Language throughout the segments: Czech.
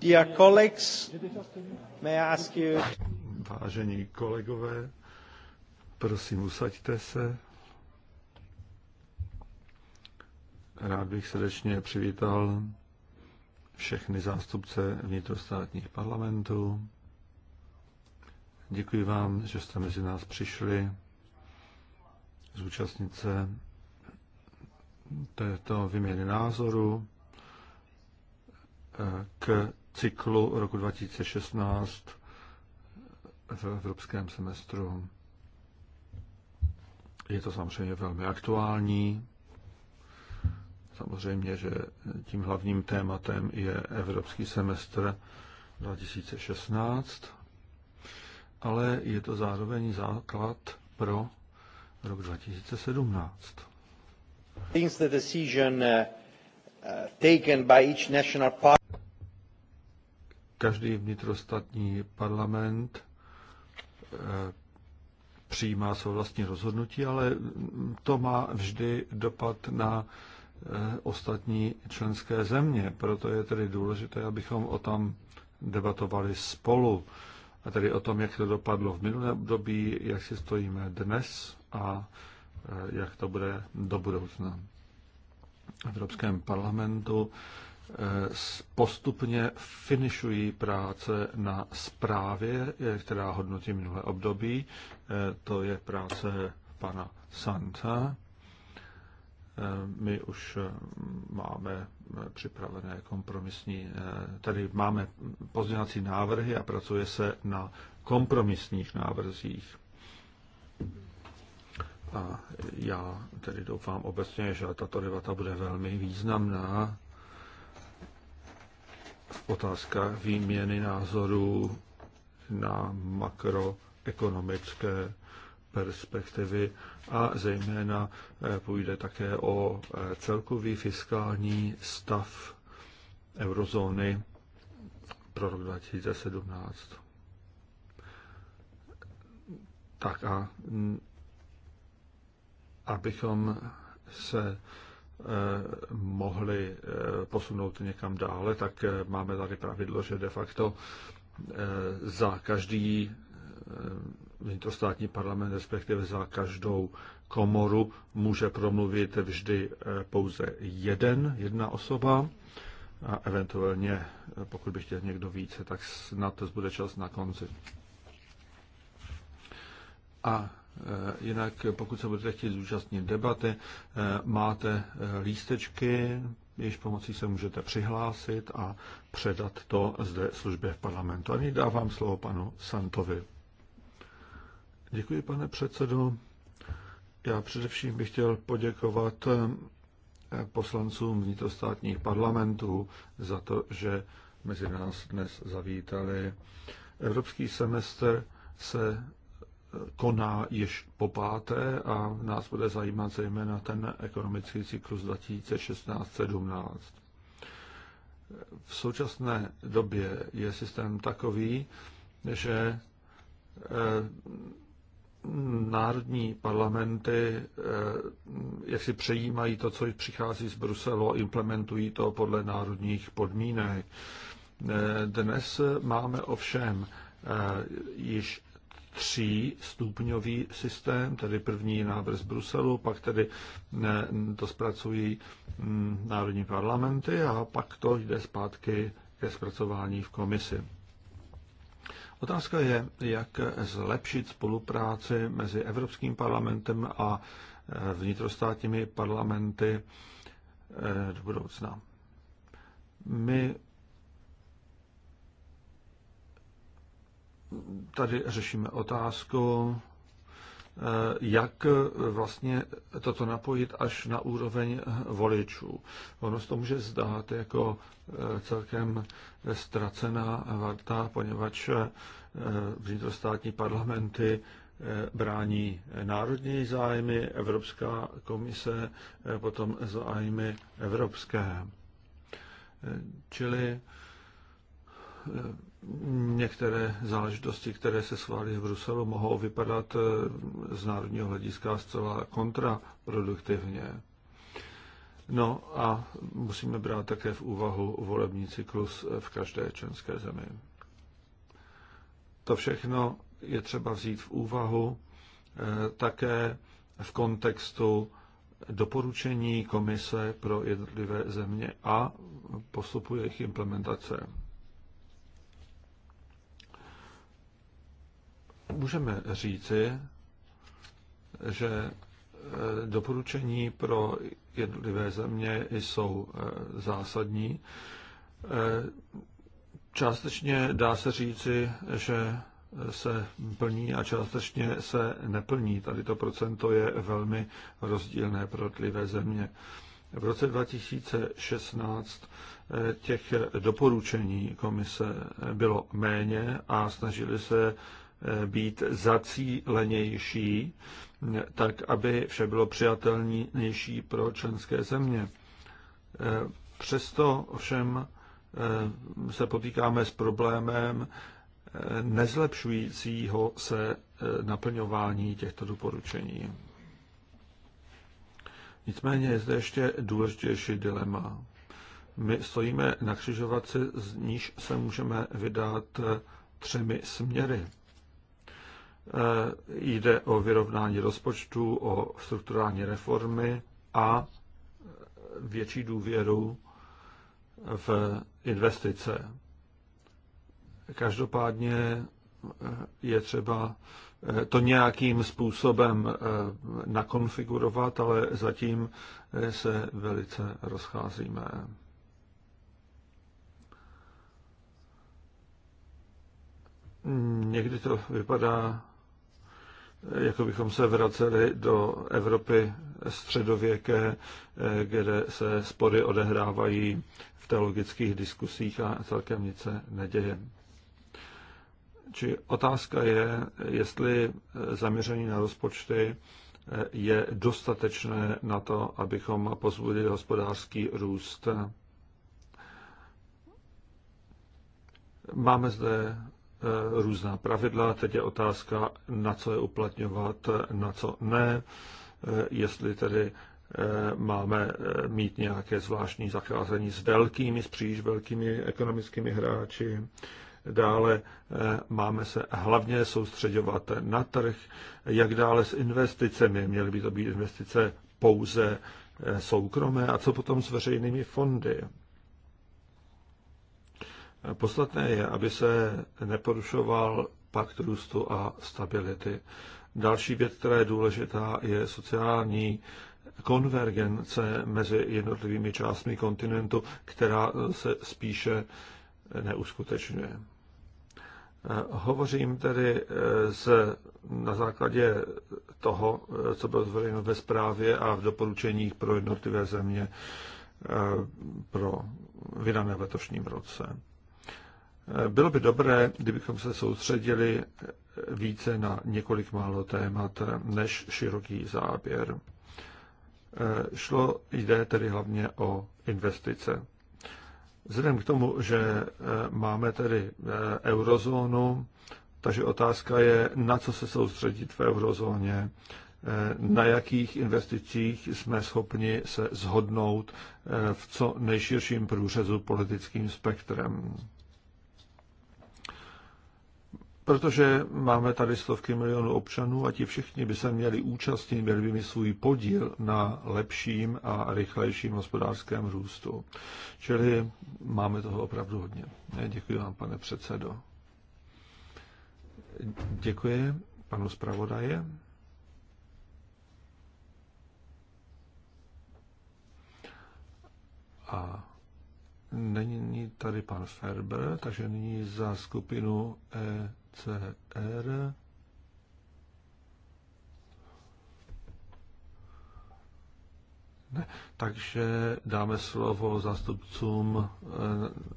Dear colleagues, may I ask you... Vážení kolegové, prosím, usaďte se. Rád bych srdečně přivítal všechny zástupce vnitrostátních parlamentů. Děkuji vám, že jste mezi nás přišli zúčastnit se této vyměny názoru k cyklu roku 2016 v evropském semestru. Je to samozřejmě velmi aktuální. Samozřejmě, že tím hlavním tématem je evropský semestr 2016, ale je to zároveň základ pro rok 2017. Since the decision uh, uh, taken by each national party každý vnitrostatní parlament eh, přijímá svou vlastní rozhodnutí, ale to má vždy dopad na eh, ostatní členské země. Proto je tedy důležité, abychom o tom debatovali spolu. A tedy o tom, jak to dopadlo v minulém období, jak si stojíme dnes a eh, jak to bude do budoucna. V Evropském parlamentu postupně finišují práce na zprávě, která hodnotí minulé období. To je práce pana Santa. My už máme připravené kompromisní, tady máme pozdělací návrhy a pracuje se na kompromisních návrzích. A já tedy doufám obecně, že tato debata bude velmi významná v otázkách výměny názorů na makroekonomické perspektivy a zejména eh, půjde také o eh, celkový fiskální stav eurozóny pro rok 2017. Tak a mm, abychom se Eh, mohli eh, posunout někam dále, tak eh, máme tady pravidlo, že de facto za každý vnitrostátní parlament, respektive za každou komoru, může promluvit vždy pouze jeden, jedna osoba a eventuálně, pokud by chtěl někdo více, tak snad to bude čas na konci. A Eh, jinak pokud se budete chtít zúčastnit debaty, eh, máte eh, lístečky, jejichž pomocí se můžete přihlásit a předat to zde službě v parlamentu. A dávám slovo panu Santovi. Děkuji, pane předsedo. Já především bych chtěl poděkovat poslancům vnitrostátních parlamentů za to, že mezi nás dnes zavítali. Evropský semestr se koná již po páté a nás bude zajímat zejména ten ekonomický cyklus 2016-17. V současné době je systém takový, že eh, národní parlamenty eh, jak si přejímají to, co přichází z Bruselu a implementují to podle národních podmínek. Eh, dnes máme ovšem již třístupňový systém, tedy první návrh z Bruselu, pak tedy to zpracují mm, národní parlamenty a pak to jde zpátky ke zpracování v komisi. Otázka je, jak zlepšit spolupráci mezi Evropským parlamentem a e, vnitrostátními parlamenty e, do budoucna. My tady řešíme otázku, eh, jak vlastně toto napojit až na úroveň voličů. Ono se to může zdát jako eh, celkem ztracená varta, poněvadž eh, vnitrostátní parlamenty brání národní zájmy, Evropská komise potom zájmy evropské. Čili některé záležitosti, které se schválí v Bruselu, mohou vypadat eh, z národního hlediska zcela kontraproduktivně. No a musíme brát také v úvahu volební cyklus eh, v každé členské zemi. To všechno je třeba vzít v úvahu eh, také v kontextu doporučení komise pro jednotlivé země a postupu jejich implementace. můžeme říci, že eh, doporučení pro jednotlivé země jsou eh, zásadní. Eh, částečně dá se říci, že se plní a částečně se neplní. Tady to procento je velmi rozdílné pro jednotlivé země. V roce 2016 těch doporučení komise bylo méně a snažili se být zacílenější, tak aby vše bylo přijatelnější pro členské země. Přesto ovšem eh, se potýkáme s problémem eh, nezlepšujícího se eh, naplňování těchto doporučení. Nicméně je zde ještě důležitější dilema. My stojíme na křižovatce, z níž se můžeme vydat třemi směry. Eh, jde o vyrovnání rozpočtu, o strukturální reformy a větší důvěru v investice. Každopádně eh, je třeba eh, to nějakým způsobem nakonfigurovat, ale zatím se velice rozcházíme. Někdy to vypadá jako bychom se vraceli do Evropy středověké, eh, kde se spory odehrávají v teologických diskusích a celkem nic se neděje. Či otázka je, jestli zaměření na rozpočty eh, je dostatečné na to, abychom pozvolili hospodářský růst. Máme zde Eh, různá pravidla. Teď je otázka, na co je uplatňovat, eh, na co ne, eh, jestli tedy máme mít nějaké zvláštní zacházení s velkými, s příliš velkými ekonomickými hráči. Dále máme se hlavně soustředovat na trh, jak dále s investicemi. Měly by to být investice pouze soukromé a co potom s veřejnými fondy. Podstatné je, aby se neporušoval pakt růstu a stability. Další věc, která je důležitá, je sociální konvergence mezi jednotlivými částmi kontinentu, která se spíše neuskutečňuje. Hovořím tedy eh, z, na základě toho, eh, co bylo zvoleno ve zprávě a v doporučeních pro jednotlivé země eh, pro vydané v letošním roce. Bylo by dobré, kdybychom se soustředili více na několik málo témat než široký záběr. Šlo, jde tedy hlavně o investice. Vzhledem k tomu, že eh, máme tedy eh, eurozónu, takže otázka je, na co se soustředit v eurozóně, eh, na jakých investicích jsme schopni se zhodnout v co nejširším průřezu politickým spektrem. Protože máme tady stovky milionů občanů a ti všichni by se měli účastnit, měli by mi svůj podíl na lepším a rychlejším hospodářském růstu. Čili máme toho opravdu hodně. Děkuji vám, pane předsedo. Děkuji panu zpravodaje. A není tady pan Ferber, takže nyní za skupinu e CR Ne. Takže dáme slovo zástupcům eh,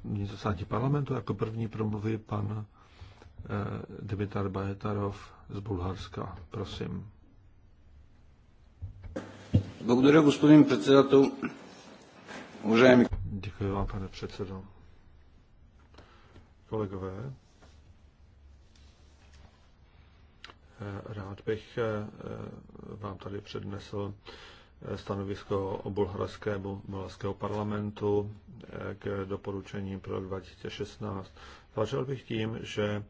vnitrostátní parlamentu. Jako první promluví pan e, Dimitar Bajetarov z Bulharska. Prosím. Благодаря, господин председател. Уважаеми... Děkuji vám, pane předsedo. Kolegové, Rád bych eh, vám tady přednesl eh, stanovisko o bulharského parlamentu eh, k doporučení pro 2016. Začal bych tím, že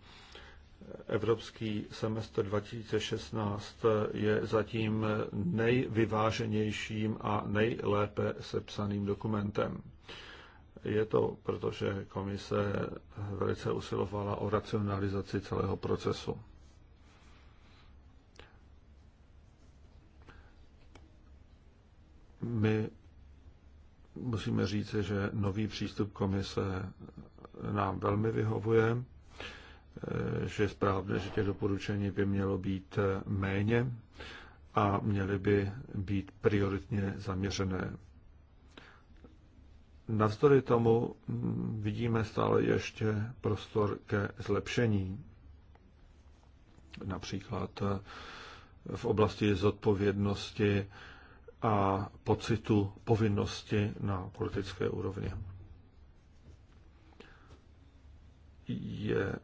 Evropský semestr 2016 je zatím nejvyváženějším a nejlépe sepsaným dokumentem. Je to proto, že komise velice usilovala o racionalizaci celého procesu. My musíme říct, že nový přístup komise nám velmi vyhovuje, že je správné, že těch doporučení by mělo být méně a měly by být prioritně zaměřené. Navzdory tomu vidíme stále ještě prostor ke zlepšení. Například v oblasti zodpovědnosti a pocitu povinnosti na politické úrovni. Je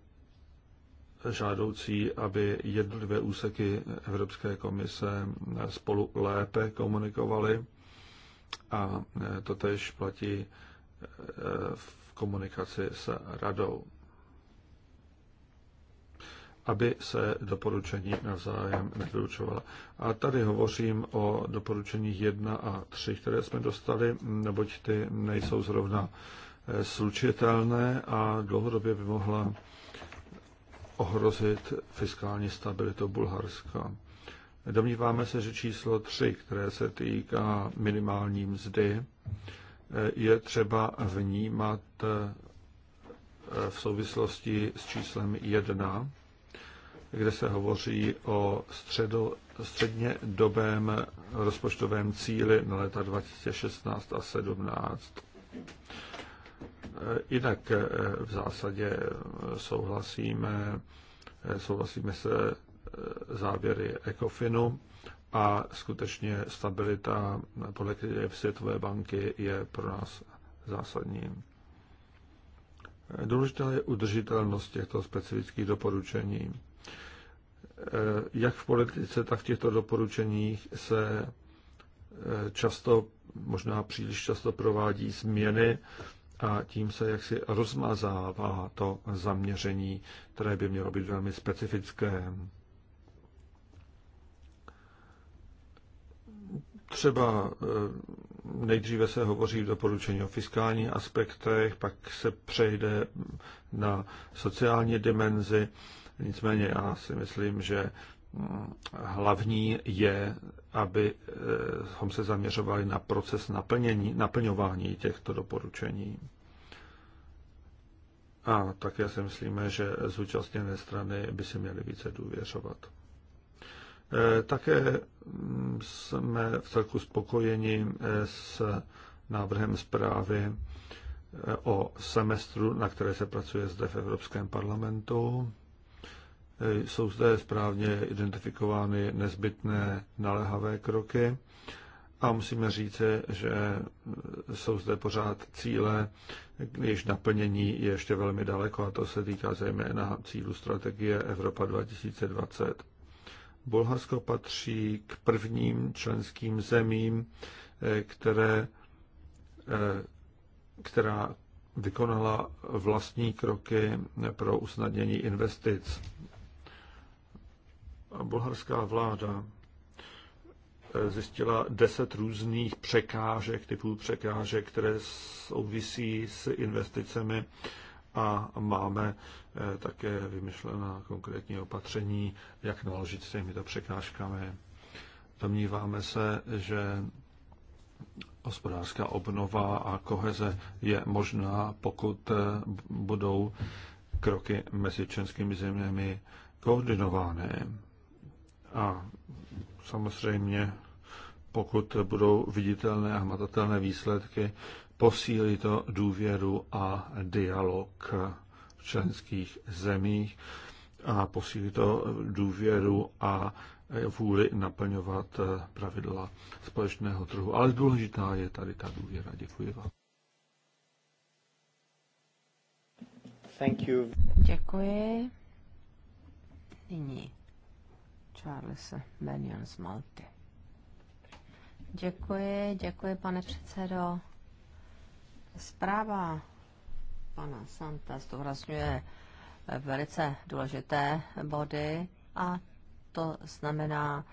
žádoucí, aby jednotlivé úseky Evropské komise spolu lépe komunikovaly a to tež platí eh, v komunikaci s radou aby se doporučení navzájem nevylučovala. A tady hovořím o doporučeních 1 a 3, které jsme dostali, neboť ty nejsou zrovna eh, slučitelné a dlouhodobě by mohla ohrozit fiskální stabilitu Bulharska. Domníváme se, že číslo 3, které se týká minimální mzdy, eh, je třeba vnímat eh, v souvislosti s číslem 1, kde se hovoří o středo, středně dobém rozpočtovém cíli na leta 2016 a 17. Jinak eh, v zásadě eh, souhlasíme, eh, souhlasíme se závěry ECOFINu a skutečně stabilita podle Světové banky je pro nás zásadní. Důležitá je udržitelnost těchto specifických doporučení. Eh, jak v politice, tak v těchto doporučeních se eh, často, možná příliš často provádí změny a tím se jaksi rozmazává to zaměření, které by mělo být velmi specifické. Třeba eh, nejdříve se hovoří v doporučení o fiskálních aspektech, pak se přejde na sociální dimenzi, Nicméně já si myslím, že mm, hlavní je, eh, abychom se zaměřovali na proces naplnění, naplňování těchto doporučení. A také si myslíme, že zúčastněné strany by si měly více důvěřovat. Eh, také mm, jsme v celku spokojeni eh, s návrhem zprávy o semestru, na které se pracuje zde v Evropském parlamentu. Eh, jsou zde správně identifikovány nezbytné naléhavé kroky a musíme říci, že eh, jsou zde pořád cíle, jejichž naplnění je ještě velmi daleko a to se týká zejména cílu strategie Evropa 2020. Bulharsko patří k prvním členským zemím, eh, které, která vykonala vlastní kroky pro usnadnění investic bulharská vláda eh, zjistila deset různých překážek, typů překážek, které souvisí s investicemi a máme eh, také vymyšlená konkrétní opatření, jak naložit s těmito překážkami. Domníváme se, že hospodářská obnova a koheze je možná, pokud eh, budou kroky mezi českými zeměmi koordinované. A samozřejmě, pokud budou viditelné a hmatatelné výsledky, posílí to důvěru a dialog v členských zemích a posílí to důvěru a vůli naplňovat pravidla společného trhu. Ale důležitá je tady ta důvěra. Děkuji vám. Thank you. Děkuji. Nyní Charles Mannion z Malty. Děkuji, děkuji, pane předsedo. Zpráva pana Santa zdůrazňuje velice důležité body a to znamená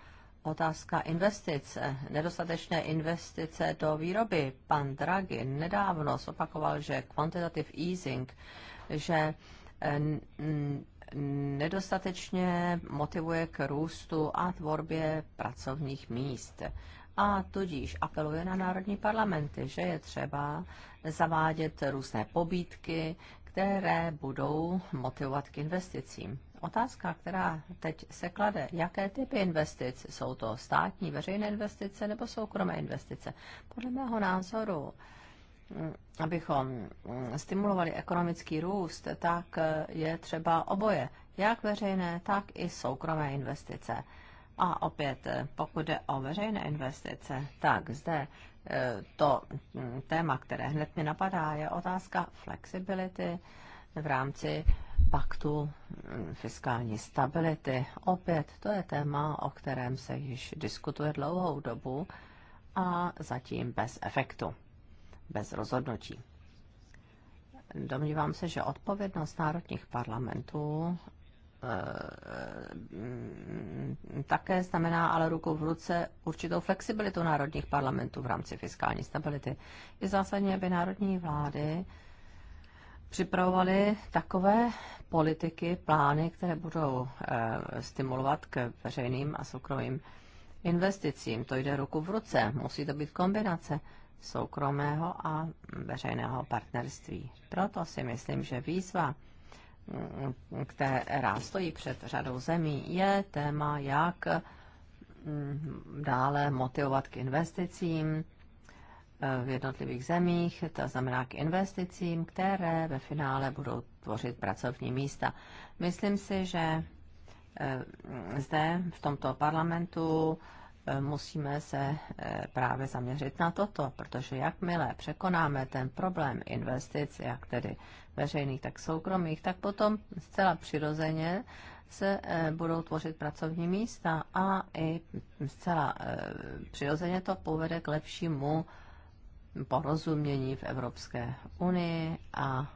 otázka investice, nedostatečné investice do výroby. Pan Draghi nedávno zopakoval, že quantitative easing, že nedostatečně motivuje k růstu a tvorbě pracovních míst. A tudíž apeluje na národní parlamenty, že je třeba zavádět různé pobídky, které budou motivovat k investicím. Otázka, která teď se klade, jaké typy investic? Jsou to státní veřejné investice nebo soukromé investice? Podle mého názoru, abychom mm, stimulovali ekonomický růst, tak eh, je třeba oboje, jak veřejné, tak i soukromé investice. A opět, eh, pokud jde o veřejné investice, tak zde eh, to mm, téma, které hned mi napadá, je otázka flexibility v rámci paktu mm, fiskální stability. Opět, to je téma, o kterém se již diskutuje dlouhou dobu a zatím bez efektu bez rozhodnutí. Domnívám se, že odpovědnost národních parlamentů eh, také znamená ale ruku v ruce určitou flexibilitu národních parlamentů v rámci fiskální stability. Je zásadně, aby národní vlády připravovaly takové politiky, plány, které budou eh, stimulovat k veřejným a soukromým investicím. To jde ruku v ruce, musí to být kombinace soukromého a veřejného partnerství. Proto si myslím, že výzva, která stojí před řadou zemí, je téma, jak mm, dále motivovat k investicím eh, v jednotlivých zemích, to znamená k investicím, které ve finále budou tvořit pracovní místa. Myslím si, že eh, zde v tomto parlamentu Eh, musíme se eh, právě zaměřit na toto, protože jakmile překonáme ten problém investic, jak tedy veřejných, tak soukromých, tak potom zcela přirozeně se eh, budou tvořit pracovní místa a i zcela přirozeně to povede k lepšímu porozumění v Evropské unii a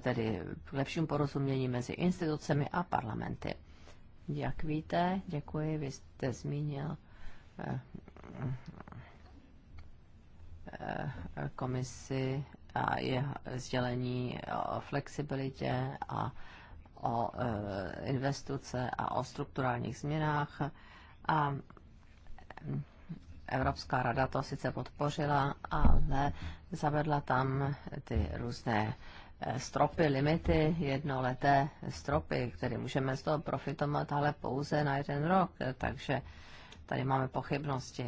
tedy k lepšímu porozumění mezi institucemi a parlamenty. Jak víte, děkuji, vy jste zmínil eh, eh, komisi a je sdělení o flexibilitě a o eh, investice a o strukturálních změnách. A Evropská rada to sice podpořila, ale zavedla tam ty různé Eh, stropy, limity, jednoleté stropy, které můžeme z toho profitovat, ale pouze na jeden rok. Eh, takže tady máme pochybnosti,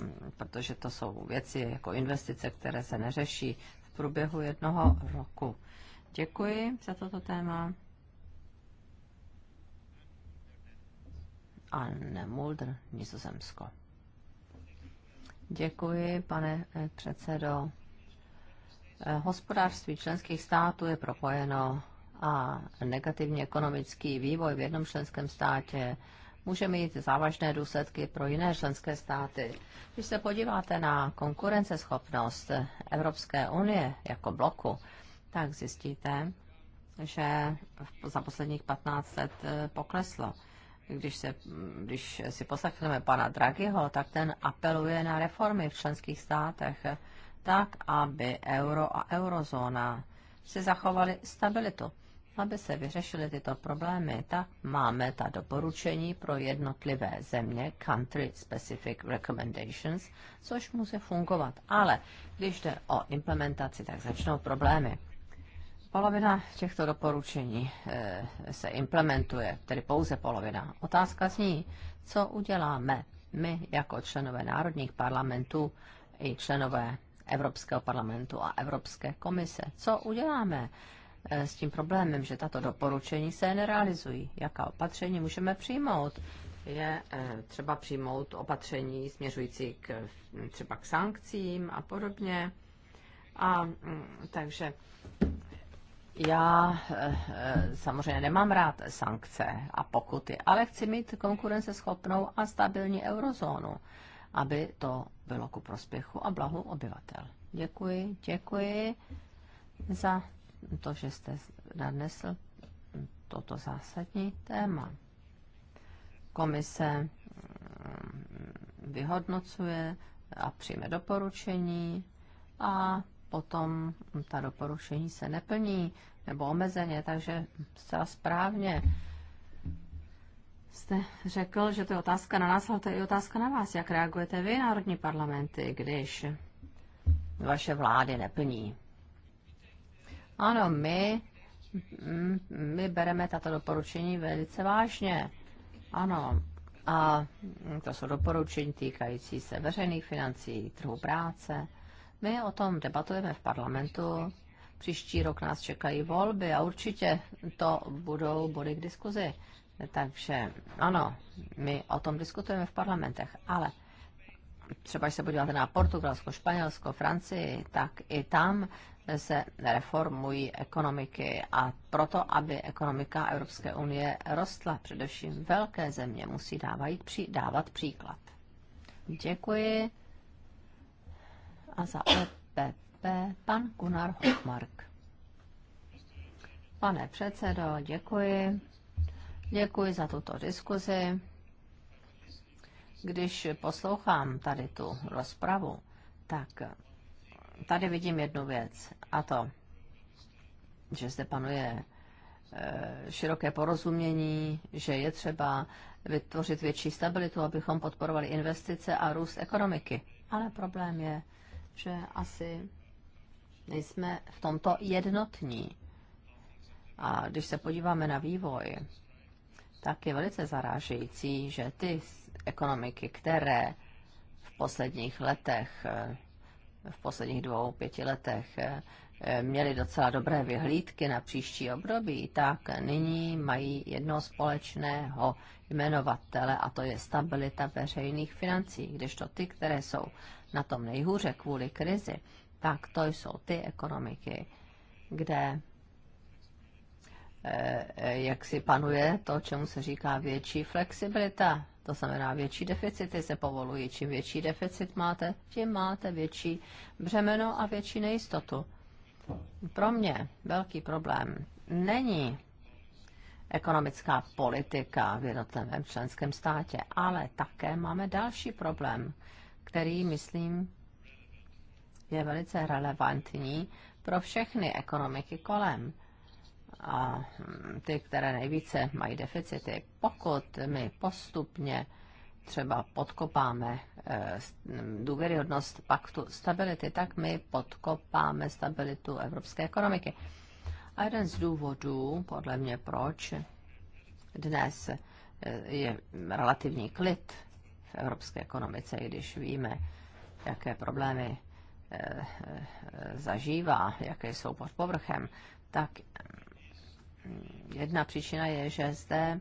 mm, protože to jsou věci jako investice, které se neřeší v průběhu jednoho roku. Děkuji za toto téma. Anne Mulder, Nizozemsko. Děkuji, pane eh, předsedo. Eh, hospodářství členských států je propojeno a negativní ekonomický vývoj v jednom členském státě může mít závažné důsledky pro jiné členské státy. Když se podíváte na konkurenceschopnost Evropské unie jako bloku, tak zjistíte, že za posledních 15 let eh, pokleslo. Když, se, když si poslechneme pana Draghiho, tak ten apeluje na reformy v členských státech tak, aby euro a eurozóna si zachovali stabilitu. Aby se vyřešily tyto problémy, tak máme ta doporučení pro jednotlivé země, Country Specific Recommendations, což může fungovat. Ale když jde o implementaci, tak začnou problémy. Polovina těchto doporučení e, se implementuje, tedy pouze polovina. Otázka zní, co uděláme my jako členové národních parlamentů i členové Evropského parlamentu a Evropské komise. Co uděláme eh, s tím problémem, že tato doporučení se nerealizují? Jaká opatření můžeme přijmout? Je eh, třeba přijmout opatření směřující k, třeba k sankcím a podobně. A mm, takže já eh, samozřejmě nemám rád sankce a pokuty, ale chci mít konkurenceschopnou a stabilní eurozónu, aby to bylo ku prospěchu a blahu obyvatel. Děkuji, děkuji za to, že jste nadnesl toto zásadní téma. Komise mm, vyhodnocuje a přijme doporučení a potom ta doporučení se neplní nebo omezeně, takže zcela správně jste řekl, že to je otázka na nás, ale to je i otázka na vás. Jak reagujete vy, národní parlamenty, když vaše vlády neplní? Ano, my, mm, my bereme tato doporučení velice vážně. Ano, a to jsou doporučení týkající se veřejných financí, trhu práce. My o tom debatujeme v parlamentu. Příští rok nás čekají volby a určitě to budou body k diskuzi. Takže ano, my o tom diskutujeme v parlamentech, ale třeba když se podíváte na Portugalsko, Španělsko, Francii, tak i tam se reformují ekonomiky a proto, aby ekonomika Evropské unie rostla, především velké země musí dávat, dávat příklad. Děkuji. A za EPP pan Gunnar Hochmark. Pane předsedo, děkuji. Děkuji za tuto diskuzi. Když poslouchám tady tu rozpravu, tak tady vidím jednu věc a to, že zde panuje e, široké porozumění, že je třeba vytvořit větší stabilitu, abychom podporovali investice a růst ekonomiky. Ale problém je, že asi nejsme v tomto jednotní. A když se podíváme na vývoj tak je velice zarážející, že ty ekonomiky, které v posledních letech, eh, v posledních dvou, pěti letech eh, eh, měly docela dobré vyhlídky na příští období, tak nyní mají jedno společného jmenovatele a to je stabilita veřejných financí, kdežto ty, které jsou na tom nejhůře kvůli krizi, tak to jsou ty ekonomiky, kde Eh, eh, jak si panuje to, čemu se říká větší flexibilita. To znamená, větší deficity se povolují. Čím větší deficit máte, tím máte větší břemeno a větší nejistotu. Pro mě velký problém není ekonomická politika v jednotlivém členském státě, ale také máme další problém, který, myslím, je velice relevantní pro všechny ekonomiky kolem – a ty, které nejvíce mají deficity, pokud my postupně třeba podkopáme eh, důvěryhodnost paktu stability, tak my podkopáme stabilitu evropské ekonomiky. A jeden z důvodů, podle mě, proč dnes eh, je relativní klid v evropské ekonomice, i když víme, jaké problémy eh, zažívá, jaké jsou pod povrchem, tak jedna příčina je, že zde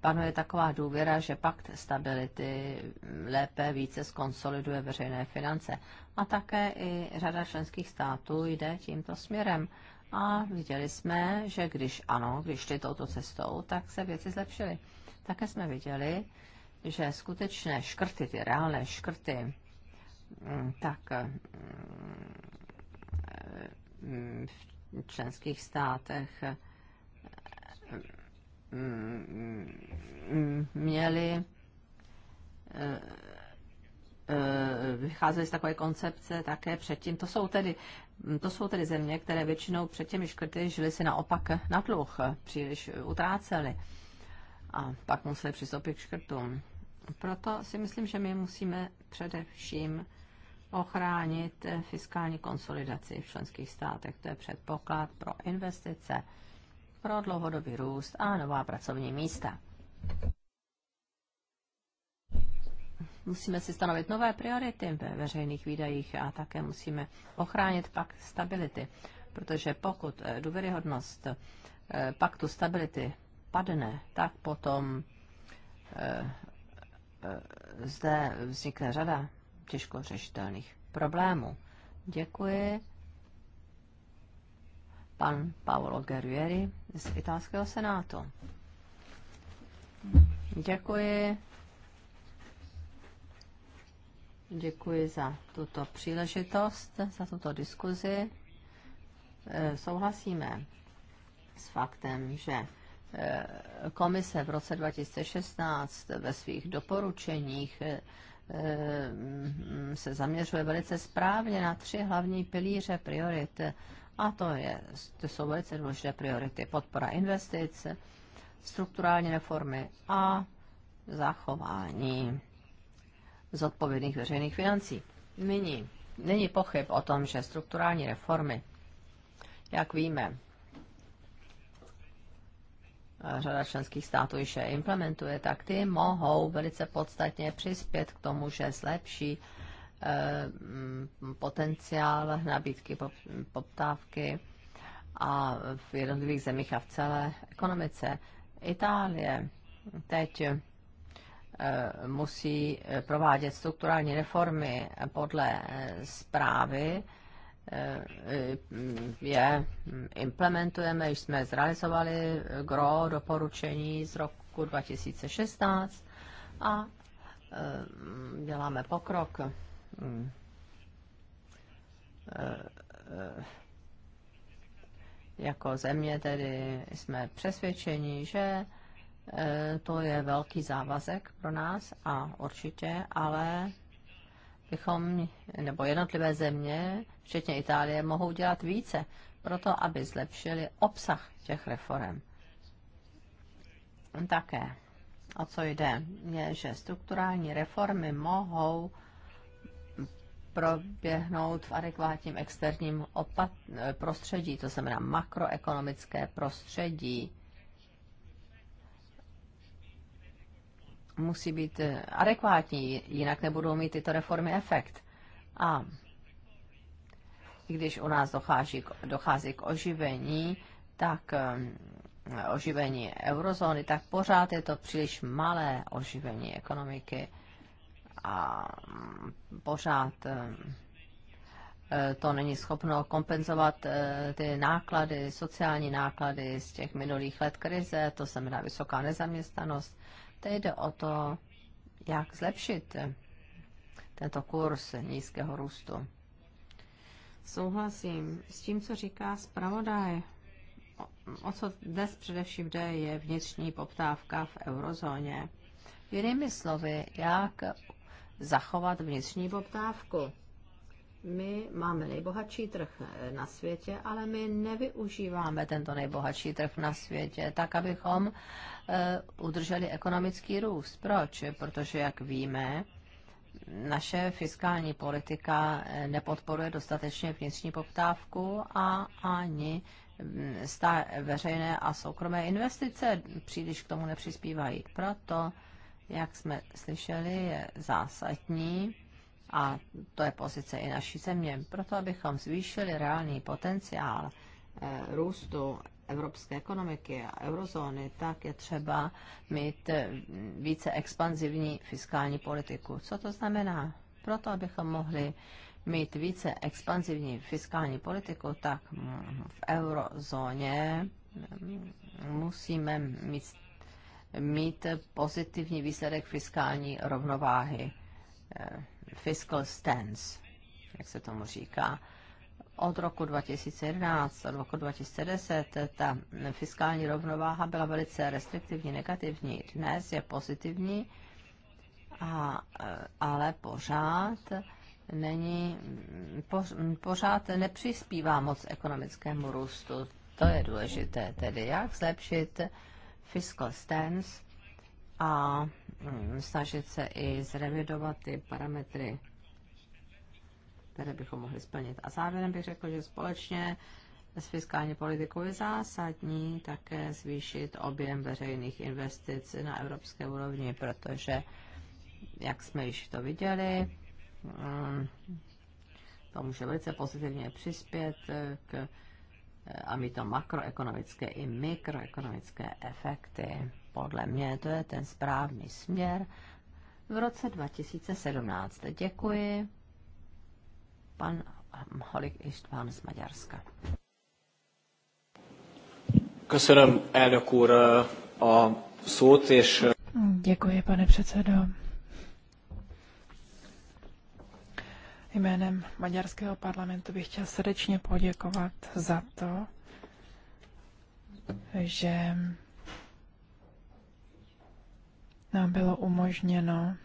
panuje taková důvěra, že pakt stability lépe více skonsoliduje veřejné finance. A také i řada členských států jde tímto směrem. A viděli jsme, že když ano, když šli touto cestou, tak se věci zlepšily. Také jsme viděli, že skutečné škrty, ty reálné škrty, mm, tak mm, v členských státech měli eh, eh, vycházeli z takové koncepce také předtím. To jsou tedy, to jsou tedy země, které většinou před těmi škrty žili si naopak na dluh, příliš utráceli a pak museli přistoupit k škrtům. Proto si myslím, že my musíme především ochránit fiskální konsolidaci v členských státech. To je předpoklad pro investice pro dlouhodobý růst a nová pracovní místa. Musíme si stanovit nové priority ve veřejných výdajích a také musíme ochránit pak stability, protože pokud eh, důvěryhodnost eh, paktu stability padne, tak potom eh, zde vznikne řada těžko řešitelných problémů. Děkuji pan Paolo Guerrieri z italského senátu. Děkuji. Děkuji za tuto příležitost, za tuto diskuzi. E, souhlasíme s faktem, že e, komise v roce 2016 ve svých doporučeních e, se zaměřuje velice správně na tři hlavní pilíře priorit a to, je, to jsou velice důležité priority. Podpora investic, strukturální reformy a zachování zodpovědných veřejných financí. Nyní není pochyb o tom, že strukturální reformy, jak víme, řada členských států již je implementuje, tak ty mohou velice podstatně přispět k tomu, že zlepší Eh, potenciál nabídky, poptávky a v jednotlivých zemích a v celé ekonomice. Itálie teď eh, musí provádět strukturální reformy podle eh, zprávy, je implementujeme, již jsme zrealizovali gro doporučení z roku 2016 a děláme pokrok Hmm. Eh, eh, jako země tedy jsme přesvědčeni, že eh, to je velký závazek pro nás a určitě, ale bychom, nebo jednotlivé země, včetně Itálie, mohou dělat více pro to, aby zlepšili obsah těch reform. Také, o co jde, je, že strukturální reformy mohou proběhnout v adekvátním externím opat- prostředí, to znamená makroekonomické prostředí. Musí být eh, adekvátní, jinak nebudou mít tyto reformy efekt. A i když u nás dochází, dochází k oživení, tak eh, oživení eurozóny, tak pořád je to příliš malé oživení ekonomiky a pořád eh, eh, to není schopno kompenzovat eh, ty náklady, sociální náklady z těch minulých let krize, to znamená vysoká nezaměstnanost. Teď jde o to, jak zlepšit tento kurz nízkého růstu. Souhlasím s tím, co říká zpravodaj. O co dnes především jde, je vnitřní poptávka v eurozóně. Jinými slovy, jak zachovat vnitřní poptávku. My máme nejbohatší trh eh, na světě, ale my nevyužíváme tento nejbohatší trh na světě tak, abychom eh, udrželi ekonomický růst. Proč? Protože, jak víme, naše fiskální politika eh, nepodporuje dostatečně vnitřní poptávku a ani mm, veřejné a soukromé investice příliš k tomu nepřispívají. Proto jak jsme slyšeli, je zásadní a to je pozice i naší země. Proto, abychom zvýšili reálný potenciál eh, růstu evropské ekonomiky a eurozóny, tak je třeba mít eh, více expanzivní fiskální politiku. Co to znamená? Proto, abychom mohli mít více expanzivní fiskální politiku, tak v eurozóně mm, musíme mít mít pozitivní výsledek fiskální rovnováhy, eh, fiscal stance, jak se tomu říká. Od roku 2011, od roku 2010, ta fiskální rovnováha byla velice restriktivní, negativní. Dnes je pozitivní, a, eh, ale pořád není, po, pořád nepřispívá moc ekonomickému růstu. To je důležité, tedy jak zlepšit fiscal stance a mm, snažit se i zrevidovat ty parametry, které bychom mohli splnit. A závěrem bych řekl, že společně s fiskální politikou je zásadní také zvýšit objem veřejných investic na evropské úrovni, protože, jak jsme již to viděli, mm, to může velice pozitivně přispět k a mít to makroekonomické i mikroekonomické efekty. Podle mě to je ten správný směr v roce 2017. Děkuji. Pan Holik István z Maďarska. Köszönöm, elnök úr, a szót, és... Děkuji, pane předsedo. Jménem maďarského parlamentu bych chtěl srdečně poděkovat za to, že nám bylo umožněno,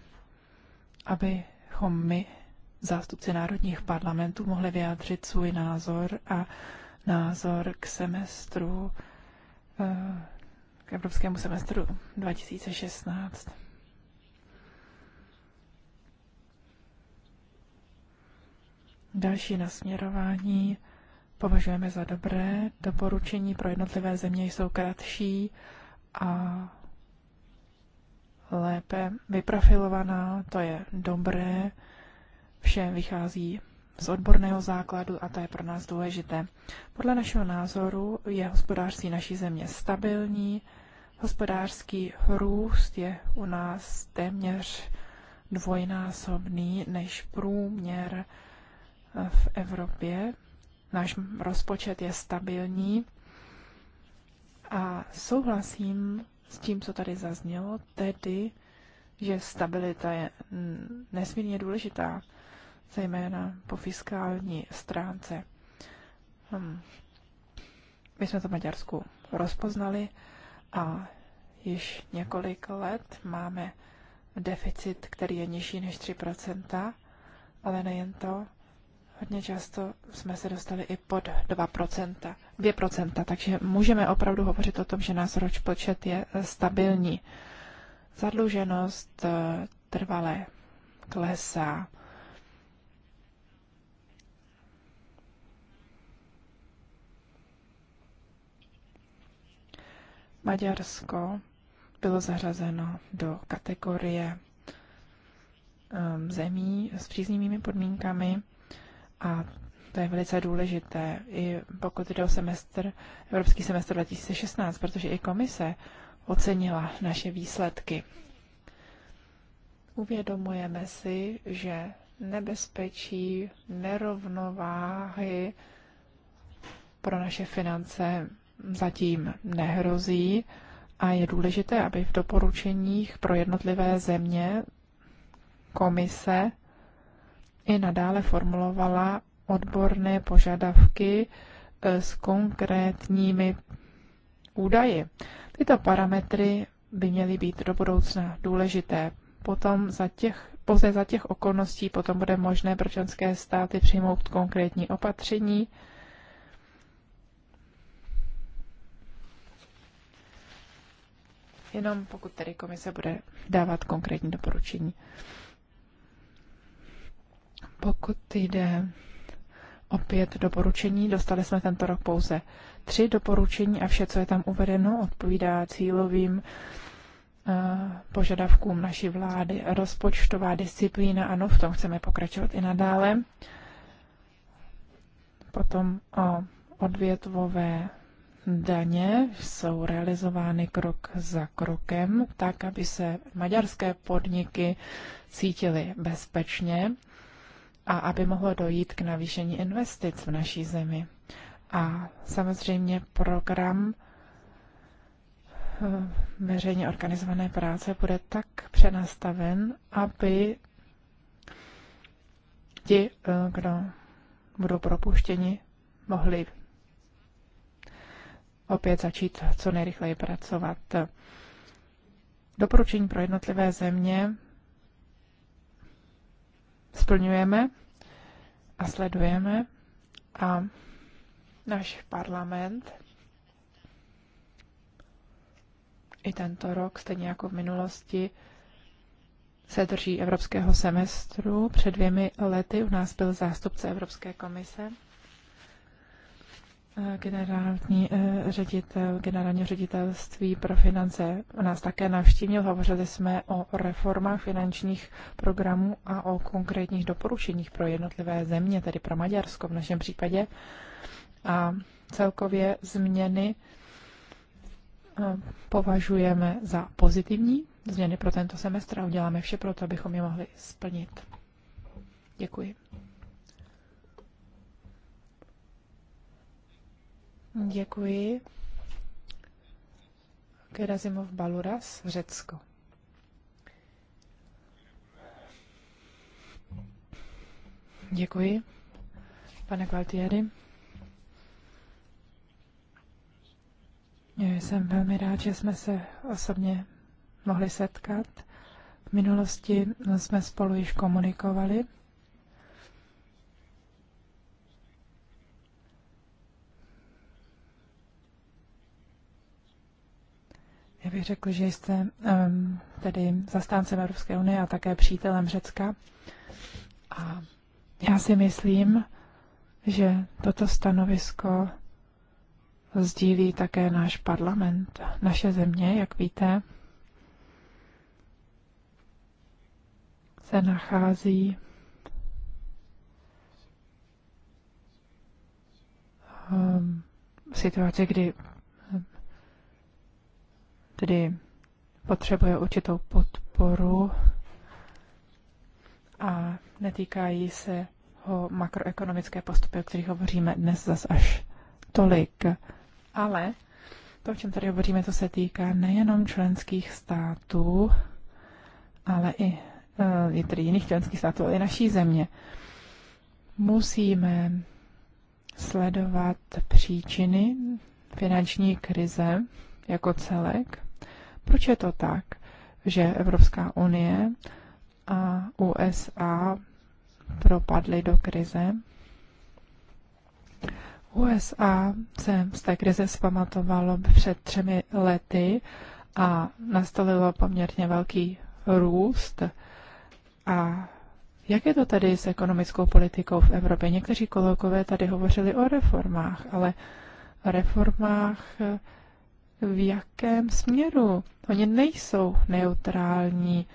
abychom my, zástupci národních parlamentů, mohli vyjádřit svůj názor a názor k semestru, eh, k evropskému semestru 2016. Další nasměrování považujeme za dobré. Doporučení pro jednotlivé země jsou kratší a lépe vyprofilovaná, to je dobré. Vše vychází z odborného základu a to je pro nás důležité. Podle našeho názoru je hospodářství naší země stabilní, hospodářský růst je u nás téměř dvojnásobný než průměr v Evropě. Náš rozpočet je stabilní a souhlasím s tím, co tady zaznělo, tedy, že stabilita je nesmírně důležitá, zejména po fiskální stránce. Hm. My jsme to v Maďarsku rozpoznali a již několik let máme deficit, který je nižší než 3%, ale nejen to, Hodně často jsme se dostali i pod 2%, 2%, takže můžeme opravdu hovořit o tom, že náš počet je stabilní. Zadluženost eh, trvale klesá. Maďarsko bylo zařazeno do kategorie ehm, zemí s příznivými podmínkami a to je velice důležité, i pokud jde o semestr, evropský semestr 2016, protože i komise ocenila naše výsledky. Uvědomujeme si, že nebezpečí, nerovnováhy pro naše finance zatím nehrozí a je důležité, aby v doporučeních pro jednotlivé země komise i nadále formulovala odborné požadavky e, s konkrétními údaji. Tyto parametry by měly být do budoucna důležité. Potom za těch, pouze za těch okolností potom bude možné pro členské státy přijmout konkrétní opatření. Jenom pokud tedy komise bude dávat konkrétní doporučení. Pokud jde opět doporučení, dostali jsme tento rok pouze tři doporučení a vše, co je tam uvedeno, odpovídá cílovým eh, požadavkům naší vlády. Rozpočtová disciplína, ano, v tom chceme pokračovat i nadále. Potom o odvětvové daně jsou realizovány krok za krokem, tak, aby se maďarské podniky cítily bezpečně a aby mohlo dojít k navýšení investic v naší zemi. A samozřejmě program eh, veřejně organizované práce bude tak přenastaven, aby ti, eh, kdo budou propuštěni, mohli opět začít co nejrychleji pracovat. Doporučení pro jednotlivé země splňujeme a sledujeme. A náš parlament i tento rok, stejně jako v minulosti, se drží evropského semestru. Před dvěmi lety u nás byl zástupce Evropské komise Eh, generální eh, ředitel, generální ředitelství pro finance nás také navštívil. Hovořili jsme o reformách finančních programů a o konkrétních doporučeních pro jednotlivé země, tedy pro Maďarsko v našem případě. A celkově změny eh, považujeme za pozitivní. Změny pro tento semestr a uděláme vše pro to, abychom je mohli splnit. Děkuji. Děkuji. Kerasimov Baluras, Řecko. Děkuji. Pane Gualtieri. Jsem velmi rád, že jsme se osobně mohli setkat. V minulosti jsme spolu již komunikovali Já bych řekl, že jste um, tedy zastáncem Evropské unie a také přítelem Řecka. A já si myslím, že toto stanovisko sdílí také náš parlament, naše země, jak víte, se nachází v situaci, kdy tedy potřebuje určitou podporu a netýkají se ho makroekonomické postupy, o kterých hovoříme dnes zas až tolik. Ale to, o čem tady hovoříme, to se týká nejenom členských států, ale i je eh, tedy jiných členských států, ale i naší země. Musíme sledovat příčiny finanční krize jako celek proč je to tak, že Evropská unie a USA propadly do krize? USA se z té krize zpamatovalo před třemi lety a nastavilo poměrně velký růst. A jak je to tady s ekonomickou politikou v Evropě? Někteří kolegové tady hovořili o reformách, ale reformách, v jakém směru. Oni nejsou neutrální.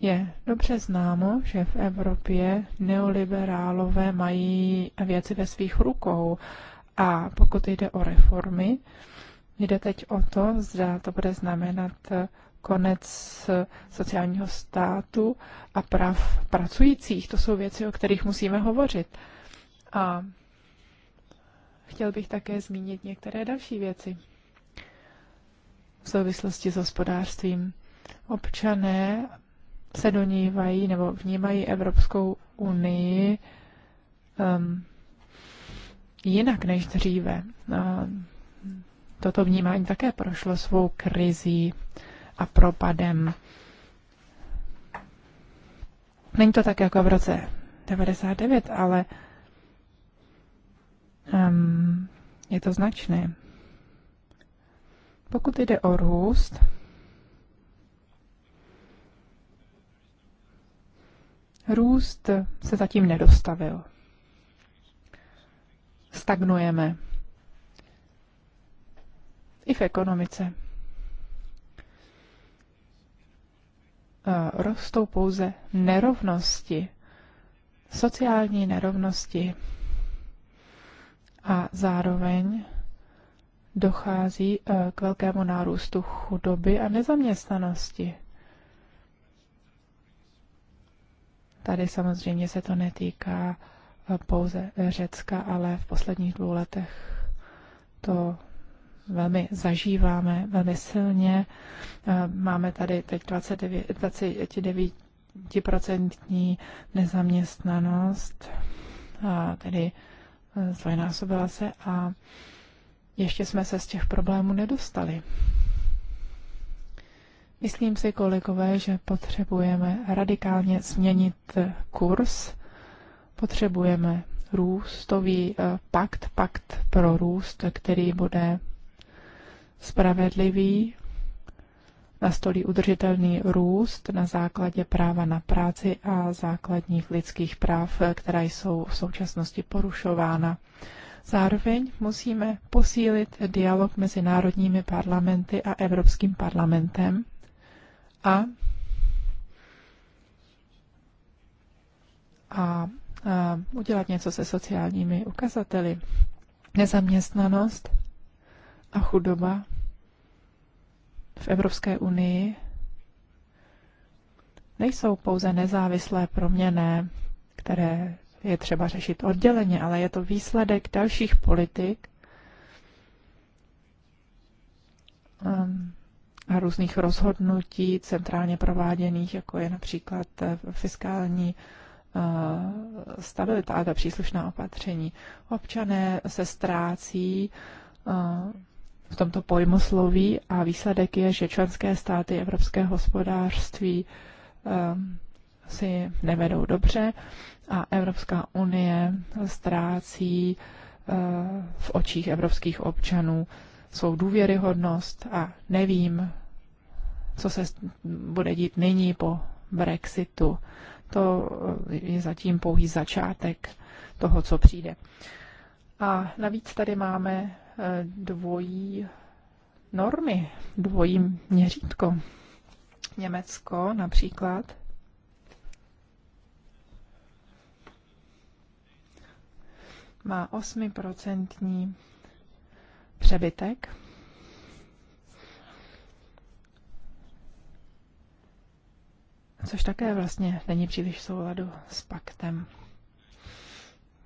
Je dobře známo, že v Evropě neoliberálové mají věci ve svých rukou. A pokud jde o reformy, jde teď o to, zda to bude znamenat konec sociálního státu a prav pracujících. To jsou věci, o kterých musíme hovořit. A chtěl bych také zmínit některé další věci v souvislosti s hospodářstvím. Občané se donívají nebo vnímají Evropskou unii um, jinak než dříve. Toto vnímání také prošlo svou krizí a propadem. Není to tak jako v roce 99, ale um, je to značné. Pokud jde o růst, růst se zatím nedostavil. Stagnujeme. I v ekonomice. E, rostou pouze nerovnosti, sociální nerovnosti a zároveň dochází eh, k velkému nárůstu chudoby a nezaměstnanosti. Tady samozřejmě se to netýká eh, pouze Řecka, ale v posledních dvou letech to velmi zažíváme, velmi silně. Eh, máme tady teď 29, nezaměstnanost, a tedy zdvojnásobila se a ještě jsme se z těch problémů nedostali. Myslím si, kolegové, že potřebujeme radikálně změnit kurz, potřebujeme růstový eh, pakt, pakt pro růst, který bude spravedlivý, nastolí udržitelný růst na základě práva na práci a základních lidských práv, eh, která jsou v současnosti porušována. Zároveň musíme posílit dialog mezi národními parlamenty a Evropským parlamentem a, a, a udělat něco se sociálními ukazateli. Nezaměstnanost a chudoba v Evropské unii nejsou pouze nezávislé proměny, které je třeba řešit odděleně, ale je to výsledek dalších politik um, a různých rozhodnutí centrálně prováděných, jako je například eh, fiskální eh, stabilita a ta příslušná opatření. Občané se ztrácí eh, v tomto pojmosloví a výsledek je, že členské státy evropské hospodářství si nevedou dobře a Evropská unie ztrácí eh, v očích evropských občanů svou důvěryhodnost a nevím, co se bude dít nyní po Brexitu. To eh, je zatím pouhý začátek toho, co přijde. A navíc tady máme eh, dvojí normy, dvojí měřítko. Německo například má 8% přebytek. Což také vlastně není příliš v souladu s paktem.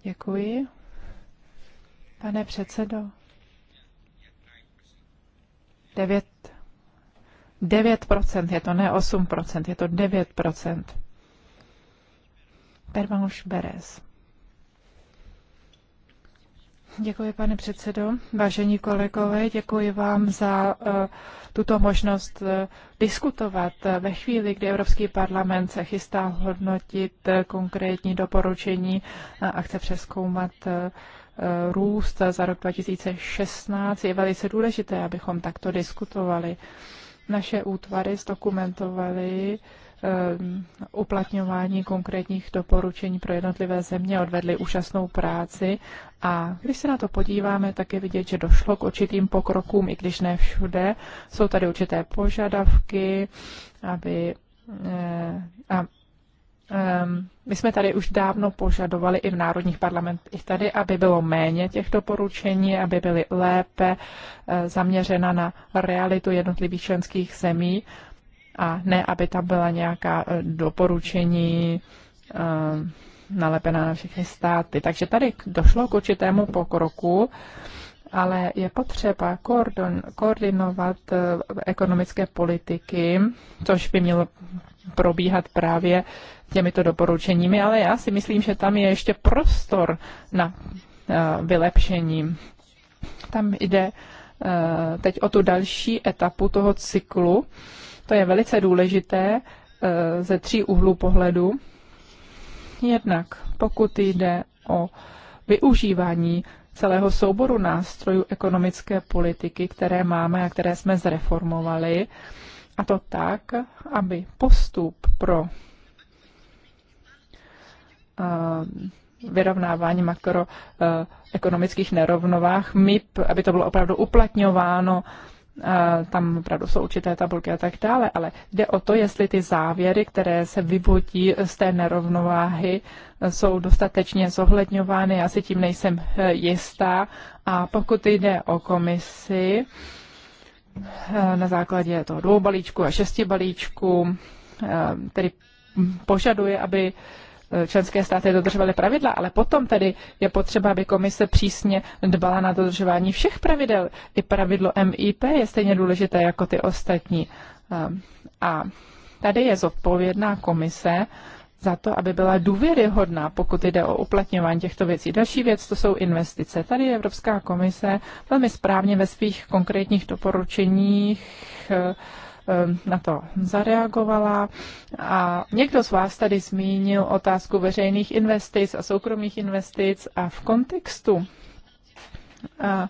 Děkuji. Pane předsedo. 9, 9% je to, ne 8%, je to 9%. Pervanš Beres. Děkuji, pane předsedo. Vážení kolegové, děkuji vám za uh, tuto možnost uh, diskutovat eh, ve chvíli, kdy Evropský parlament se chystá hodnotit uh, konkrétní doporučení a chce přeskoumat růst za rok 2016. Je velice důležité, abychom takto diskutovali. Naše útvary zdokumentovaly Eh, uplatňování konkrétních doporučení pro jednotlivé země odvedli úžasnou práci a když se na to podíváme, tak je vidět, že došlo k určitým pokrokům, i když ne všude. Jsou tady určité požadavky, aby eh, a Um, my jsme tady už dávno požadovali i v národních parlamentech tady, aby bylo méně těch doporučení, aby byly lépe uh, zaměřena na realitu jednotlivých členských zemí a ne, aby tam byla nějaká eh, doporučení eh, nalepená na všechny státy. Takže tady došlo k určitému pokroku, ale je potřeba koordinovat eh, ekonomické politiky, což by mělo probíhat právě těmito doporučeními, ale já si myslím, že tam je ještě prostor na vylepšení. Tam jde teď o tu další etapu toho cyklu, to je velice důležité eh, ze tří úhlů pohledu. Jednak pokud jde o využívání celého souboru nástrojů ekonomické politiky, které máme a které jsme zreformovali, a to tak, aby postup pro eh, vyrovnávání makroekonomických nerovnovách MIP, aby to bylo opravdu uplatňováno tam opravdu jsou určité tabulky a tak dále, ale jde o to, jestli ty závěry, které se vyvodí z té nerovnováhy, jsou dostatečně zohledňovány. Já si tím nejsem eh, jistá. A pokud jde o komisi, eh, na základě toho dvou balíčku a šesti balíčku, eh, tedy požaduje, aby členské státy dodržovaly pravidla, ale potom tedy je potřeba, aby komise přísně dbala na dodržování všech pravidel. I pravidlo MIP je stejně důležité jako ty ostatní. Ehm, a tady je zodpovědná komise za to, aby byla důvěryhodná, pokud jde o uplatňování těchto věcí. Další věc to jsou investice. Tady je Evropská komise velmi správně ve svých konkrétních doporučeních eh, na to zareagovala. A někdo z vás tady zmínil otázku veřejných investic a soukromých investic a v kontextu a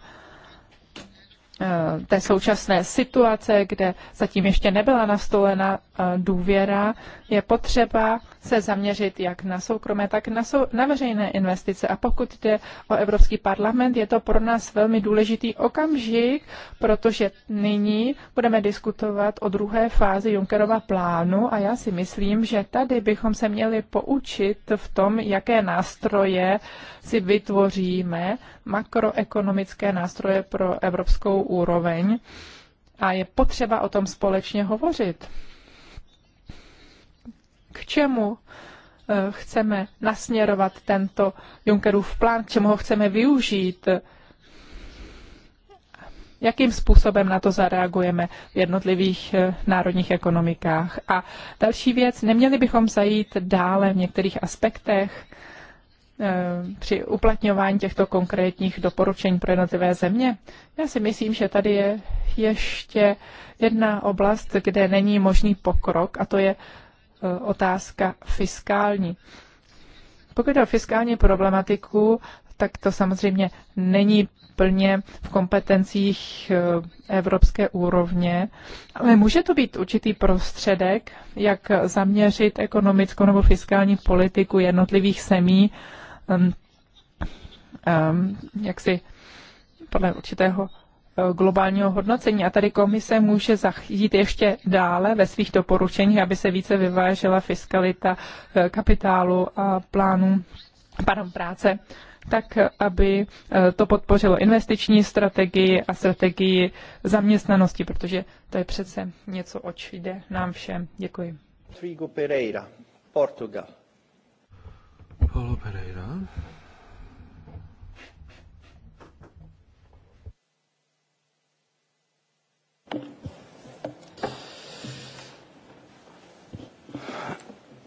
Eh, té současné situace, kde zatím ještě nebyla nastolena eh, důvěra, je potřeba se zaměřit jak na soukromé, tak na, sou, na veřejné investice. A pokud jde o Evropský parlament, je to pro nás velmi důležitý okamžik, protože nyní budeme diskutovat o druhé fázi Junckerova plánu a já si myslím, že tady bychom se měli poučit v tom, jaké nástroje si vytvoříme makroekonomické nástroje pro evropskou úroveň a je potřeba o tom společně hovořit. K čemu eh, chceme nasměrovat tento Junckerův plán, k čemu ho chceme využít, jakým způsobem na to zareagujeme v jednotlivých eh, národních ekonomikách. A další věc, neměli bychom zajít dále v některých aspektech, Eh, při uplatňování těchto konkrétních doporučení pro jednotlivé země? Já si myslím, že tady je ještě jedna oblast, kde není možný pokrok, a to je eh, otázka fiskální. Pokud je o fiskální problematiku, tak to samozřejmě není plně v kompetencích eh, evropské úrovně, ale může to být určitý prostředek, jak zaměřit ekonomickou nebo fiskální politiku jednotlivých semí um, um, jaksi podle určitého e, globálního hodnocení. A tady komise může zachytit ještě dále ve svých doporučeních, aby se více vyvážela fiskalita e, kapitálu a plánu, pardon, práce tak aby e, to podpořilo investiční strategii a strategii zaměstnanosti, protože to je přece něco, oč jde nám všem. Děkuji. Trigo Pereira, Portugal. Paulo Pereira.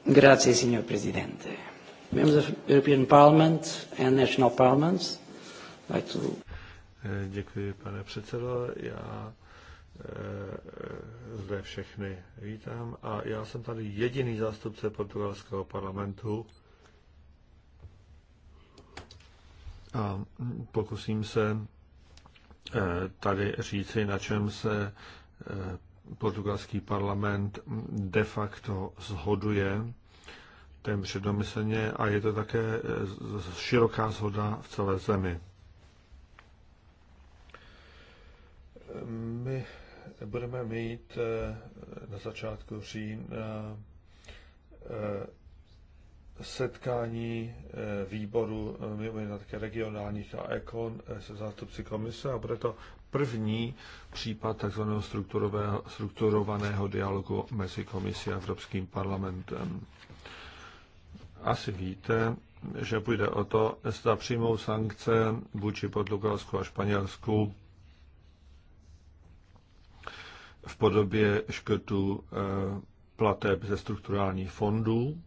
Grazie, signor Presidente. Members of European Parliament and National Parliaments, like to... Eh, děkuji, pane předsedo. Já eh, zde všechny vítám a já jsem tady jediný zástupce portugalského parlamentu, a pokusím se eh, tady říci, na čem se eh, portugalský parlament de facto zhoduje ten předomyslně a je to také eh, široká zhoda v celé zemi. My budeme mít na začátku října setkání eh, výboru eh, mimo jiné také regionálních a ekon eh, se zástupci komise a bude to první případ tzv. strukturovaného dialogu mezi komisí a Evropským parlamentem. Asi víte, že půjde o to, zda přijmou sankce vůči Portugalsku a Španělsku v podobě škrtu plateb ze strukturálních fondů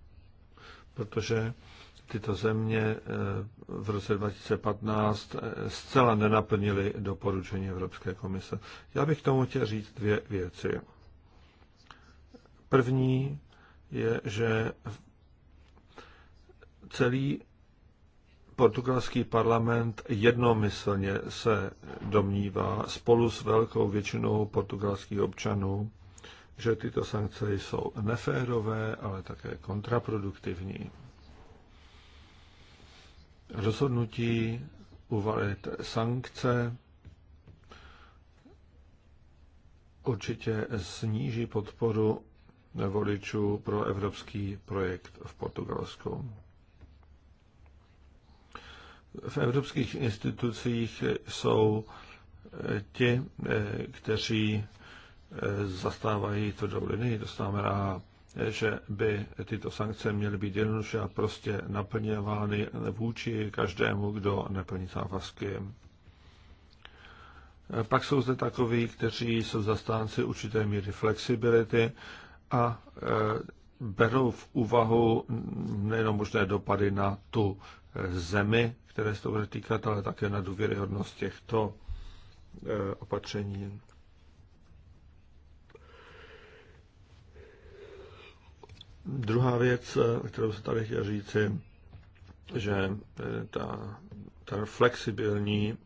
protože tyto země eh, v roce 2015 eh, zcela nenaplnily doporučení Evropské komise. Já bych k tomu chtěl říct dvě věci. První je, že celý portugalský parlament jednomyslně se domnívá spolu s velkou většinou portugalských občanů, že tyto sankce jsou neférové, ale také kontraproduktivní. Rozhodnutí uvalit sankce určitě sníží podporu voličů pro evropský projekt v Portugalsku. V evropských institucích jsou ti, kteří zastávají to, do linii, to znamená, že by tyto sankce měly být jednoduše a prostě naplňovány vůči každému, kdo neplní závazky. Pak jsou zde takoví, kteří jsou zastánci určité míry flexibility a eh, berou v úvahu nejenom možné dopady na tu eh, zemi, které se to bude týkat, ale také na důvěryhodnost těchto eh, opatření. Druhá věc, eh, kterou se tady chtěl říci, že eh, ta, ten flexibilní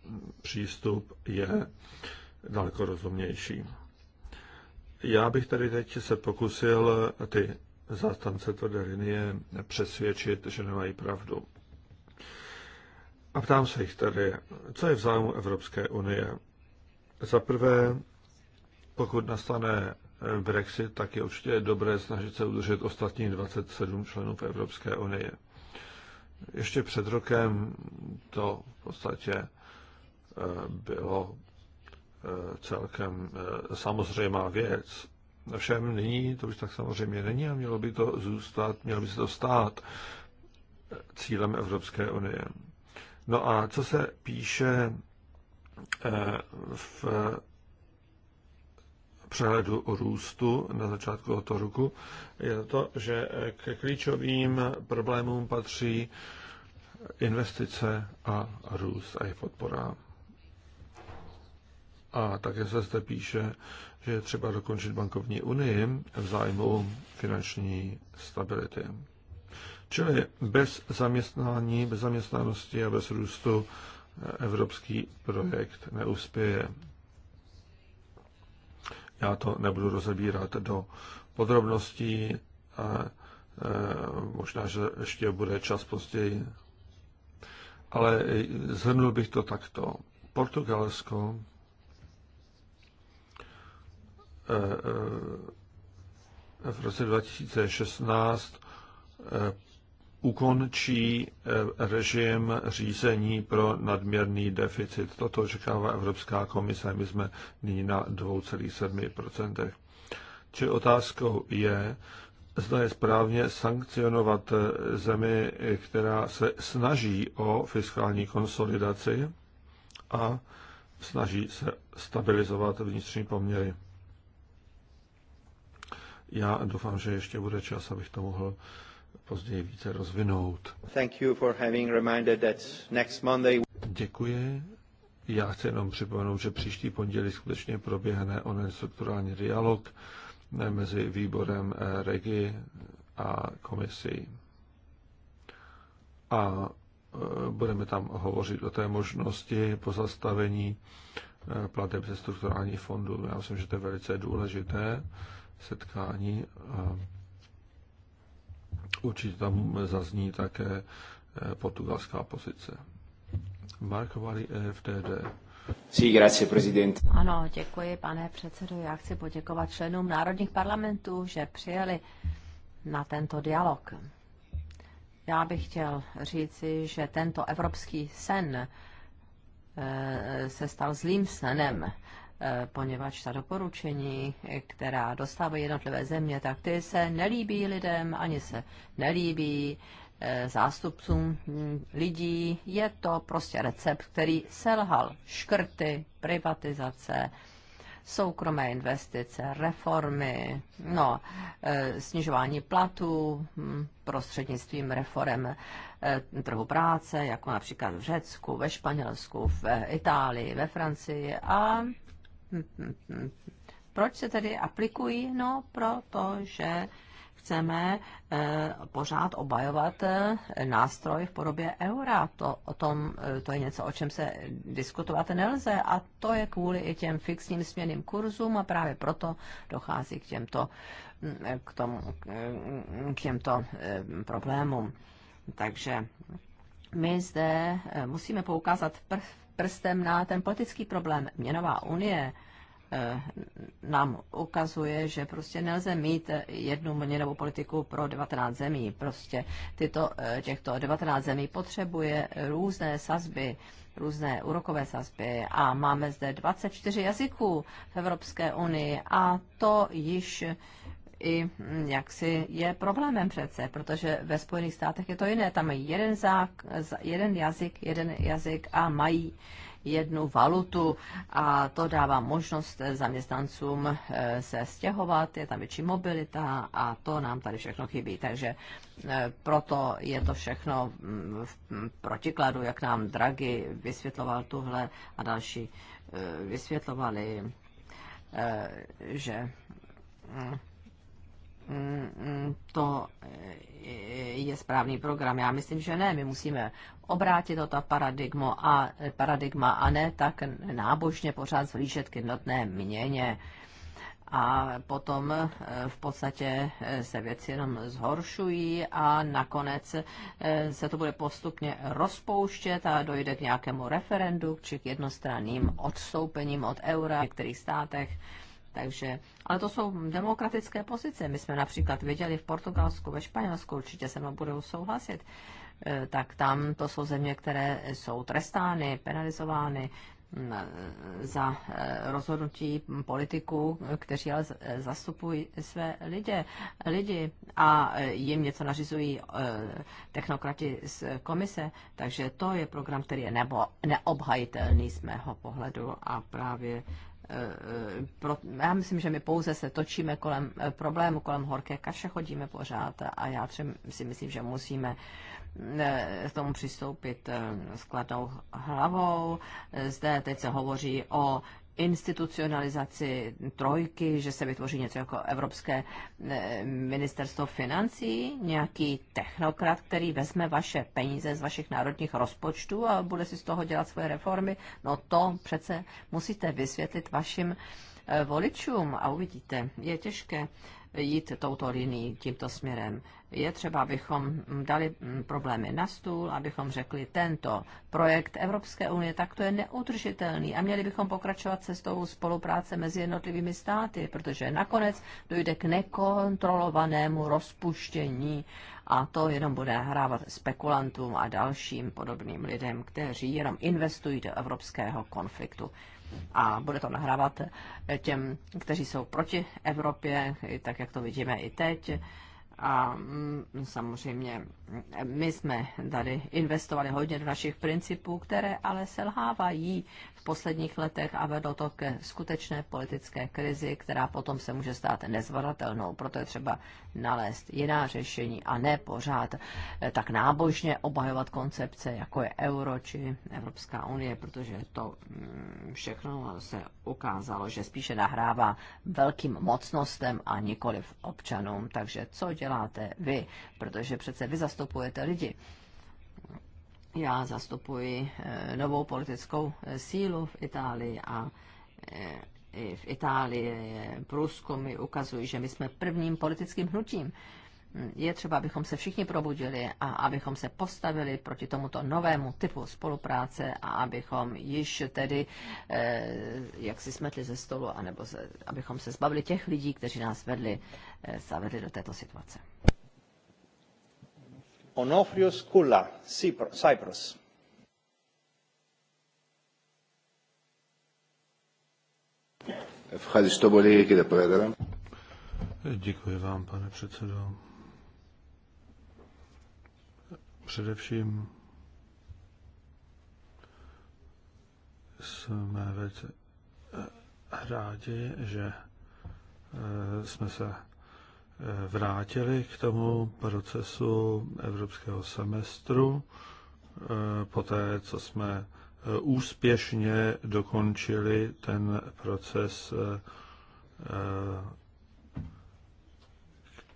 přístup je daleko rozumnější. Já bych tady teď se pokusil ty zástance tvrdé linie přesvědčit, že nemají pravdu. A ptám se jich tady, co je v zájmu Evropské unie. Za prvé, pokud nastane Brexit, tak je určitě dobré snažit se udržet ostatních 27 členů v Evropské unii. Ještě před rokem to v podstatě eh, bylo eh, celkem eh, samozřejmá věc. Všem nyní to už tak samozřejmě není a mělo by to zůstat, mělo by se to stát cílem Evropské unie. No a co se píše v přehledu o růstu na začátku tohoto roku, je to, že k klíčovým problémům patří investice a růst a jejich podpora. A také se zde píše, že je třeba dokončit bankovní unii v zájmu finanční stability. Čili bez zaměstnání, bez zaměstnanosti a bez růstu evropský projekt neuspěje. Já to nebudu rozebírat do podrobností. A e, možná, že ještě bude čas později. Ale zhrnul bych to takto. Portugalsko e, e, v roce 2016 ukončí eh, režim řízení pro nadměrný deficit. Toto očekává Evropská komise. My jsme nyní na 2,7%. Či otázkou je, zda je správně sankcionovat eh, zemi, která se snaží o fiskální konsolidaci a snaží se stabilizovat vnitřní poměry. Já doufám, že ještě bude čas, abych to mohl později více rozvinout. Thank you for having reminded that next Monday... Děkuji. Já chci jenom připomenout, že příští pondělí skutečně proběhne onen strukturální dialog eh, mezi výborem eh, REGI a komisí. A eh, budeme tam hovořit o té možnosti pozastavení plateb ze strukturálních fondů. Já myslím, že to je velice důležité setkání. Určitě tam zazní také eh, portugalská pozice. Marko Vali, e FTD. Sí, grazie, prezident. Ano, děkuji, pane předsedo. Já chci poděkovat členům národních parlamentů, že přijeli na tento dialog. Já bych chtěl říci, že tento evropský sen eh, se stal zlým snem Eh, poněvadž ta doporučení, eh, která dostávají jednotlivé země, tak ty se nelíbí lidem, ani se nelíbí eh, zástupcům hm, lidí. Je to prostě recept, který selhal. Škrty, privatizace, soukromé investice, reformy, no, snižování platů hm, prostřednictvím reform trhu práce, jako například v Řecku, ve Španělsku, v Itálii, ve Francii a proč se tedy aplikují? No, protože chceme eh, pořád obajovat eh, nástroj v podobě eura. To, o tom, eh, to je něco, o čem se diskutovat nelze a to je kvůli i těm fixním směným kurzům a právě proto dochází k těmto, mm, k tomu, mm, k těmto problémům. Takže my zde musíme poukázat prstem na ten politický problém. Měnová unie eh, nám ukazuje, že prostě nelze mít jednu měnovou politiku pro 19 zemí. Prostě tyto, eh, těchto 19 zemí potřebuje různé sazby, různé úrokové sazby a máme zde 24 jazyků v Evropské unii a to již i mm, jaksi je problémem přece, protože ve Spojených státech je to jiné. Tam mají jeden, zák, jeden jazyk, jeden jazyk a mají jednu valutu a to dává možnost zaměstnancům eh, se stěhovat, je tam větší mobilita a to nám tady všechno chybí. Takže eh, proto je to všechno mm, v mm, protikladu, jak nám Draghi vysvětloval tuhle a další eh, vysvětlovali, že to je správný program. Já myslím, že ne. My musíme obrátit toto paradigma a, paradigma a ne tak nábožně pořád zhlížet k jednotné měně. A potom eh, v podstatě eh, se věci jenom zhoršují a nakonec eh, se to bude postupně rozpouštět a dojde k nějakému referendu či k jednostranným odstoupením od eura v některých státech. Takže, ale to jsou demokratické pozice. My jsme například viděli v Portugalsku, ve Španělsku, určitě se mnou budou souhlasit, eh, tak tam to jsou země, které jsou trestány, penalizovány mm, eh, za eh, rozhodnutí politiků, kteří ale zastupují své lidé, lidi a jim něco nařizují technokrati z komise. Takže to je program, který je nebo neobhajitelný z mého pohledu a právě já myslím, že my pouze se točíme kolem eh, problému, kolem horké kaše chodíme pořád a já třeba si myslím, že musíme eh, k tomu přistoupit eh, s kladnou hlavou. Zde teď se hovoří o institucionalizaci trojky, že se vytvoří něco jako Evropské eh, ministerstvo financí, nějaký technokrat, který vezme vaše peníze z vašich národních rozpočtů a bude si z toho dělat svoje reformy. No to přece musíte vysvětlit vašim eh, voličům a uvidíte, je těžké jít touto linií, tímto směrem je třeba, abychom dali problémy na stůl, abychom řekli, tento projekt Evropské unie, tak to je neudržitelný a měli bychom pokračovat cestou spolupráce mezi jednotlivými státy, protože nakonec dojde k nekontrolovanému rozpuštění a to jenom bude hrávat spekulantům a dalším podobným lidem, kteří jenom investují do evropského konfliktu a bude to nahrávat těm, kteří jsou proti Evropě, tak jak to vidíme i teď, a mm, samozřejmě mm, my jsme tady investovali hodně do našich principů, které ale selhávají v posledních letech a vedlo to ke skutečné politické krizi, která potom se může stát nezvladatelnou. Proto je třeba nalézt jiná řešení a ne pořád eh, tak nábožně obhajovat koncepce, jako je euro či Evropská unie, protože to mm, všechno se ukázalo, že spíše nahrává velkým mocnostem a nikoliv občanům. Takže co dělat? děláte vy, protože přece vy zastupujete lidi. Já zastupuji eh, novou politickou eh, sílu v Itálii a eh, i v Itálii průzkumy ukazují, že my jsme prvním politickým hnutím. Je třeba, abychom se všichni probudili a abychom se postavili proti tomuto novému typu spolupráce a abychom již tedy, jak si smetli ze stolu, anebo abychom se zbavili těch lidí, kteří nás vedli Eh, zavedli do této situace. Onofrios Kula, Cyprus. Děkuji vám, pane předsedo. Především jsme velice rádi, že eh, jsme se vrátili k tomu procesu evropského semestru, eh, poté co jsme eh, úspěšně dokončili ten proces, eh,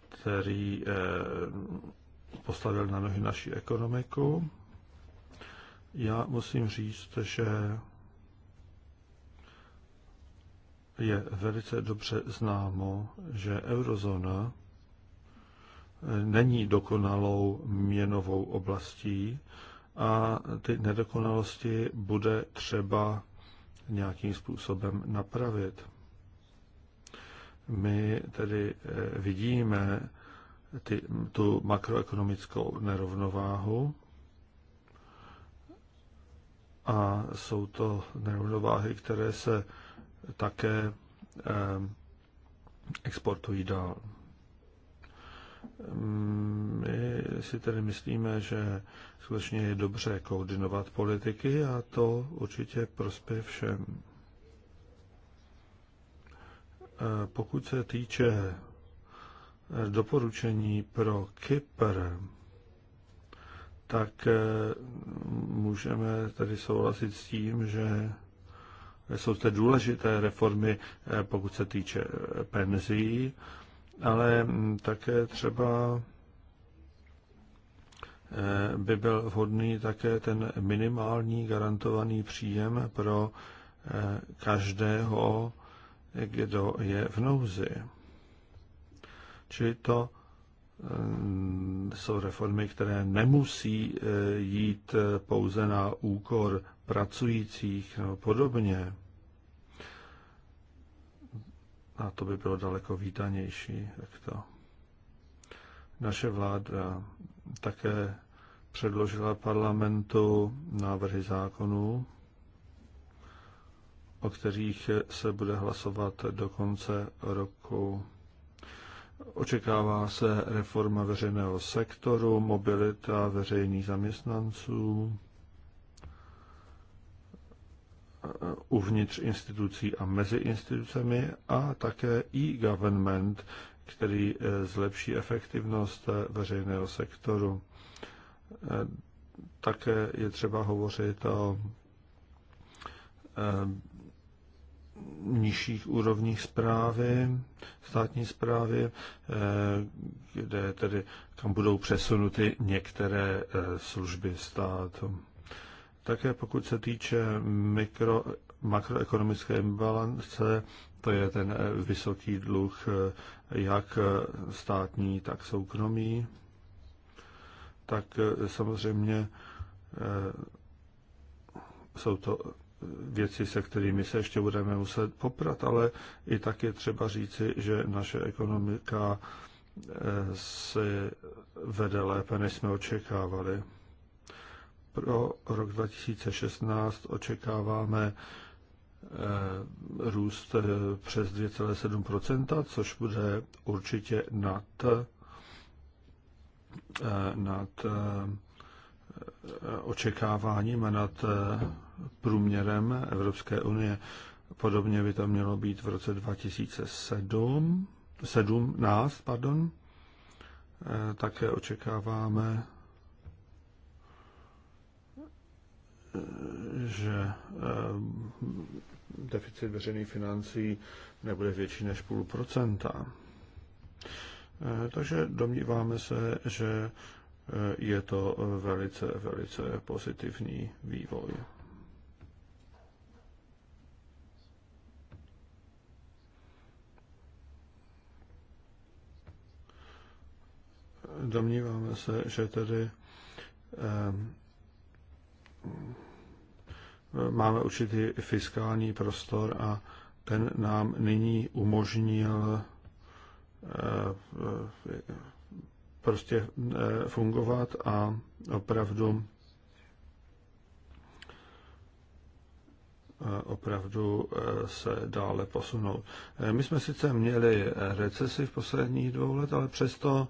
který postavil na nohy naši ekonomiku. Já musím říct, že je velice dobře známo, že eurozóna eh, není dokonalou měnovou oblastí a ty nedokonalosti bude třeba nějakým způsobem napravit. My tedy eh, vidíme ty, tu makroekonomickou nerovnováhu a jsou to nerovnováhy, které se také eh, exportují dál. Mm, my si tedy myslíme, že skutečně je dobře koordinovat politiky a to určitě prospěje všem. Eh, pokud se týče eh, doporučení pro Kypr, tak můžeme tedy souhlasit s tím, že jsou zde důležité reformy, eh, pokud se týče eh, penzí, ale hm, také třeba eh, by byl vhodný také ten minimální garantovaný příjem pro každého, kdo je v nouzi. Čili to hm, jsou reformy, které nemusí jít pouze na úkor pracujících a podobně. A to by bylo daleko vítanější, jak to. Naše vláda také předložila parlamentu návrhy zákonů, o kterých se bude hlasovat do konce roku. Očekává se reforma veřejného sektoru, mobilita veřejných zaměstnanců, Eh, uvnitř institucí a mezi institucemi a také e-government, který eh, zlepší efektivnost eh, veřejného sektoru. Také je třeba hovořit o nižších úrovních zprávy, státní zprávy, kde tedy, kam budou přesunuty některé služby státu. Také pokud se týče mikro, makroekonomické imbalance, to je ten eh, vysoký dluh eh, jak eh, státní, tak soukromý, tak samozřejmě jsou to věci, se kterými se ještě budeme muset poprat, ale i tak je třeba říci, že naše ekonomika se vede lépe, než jsme očekávali pro rok 2016 očekáváme eh, růst eh, přes 2,7%, což bude určitě nad, eh, nad očekáváním a nad průměrem Evropské unie. Podobně by to mělo být v roce 2007, 17, pardon. Také očekáváme že eh, deficit veřejných financí nebude větší než půl procenta. Eh, takže domníváme se, že eh, je to velice, velice pozitivní vývoj. Domníváme se, že tedy máme určitý fiskální prostor a ten nám nyní umožnil eh, prostě eh, fungovat a opravdu eh, opravdu se dále posunout. My jsme sice měli recesi v posledních dvou let, ale přesto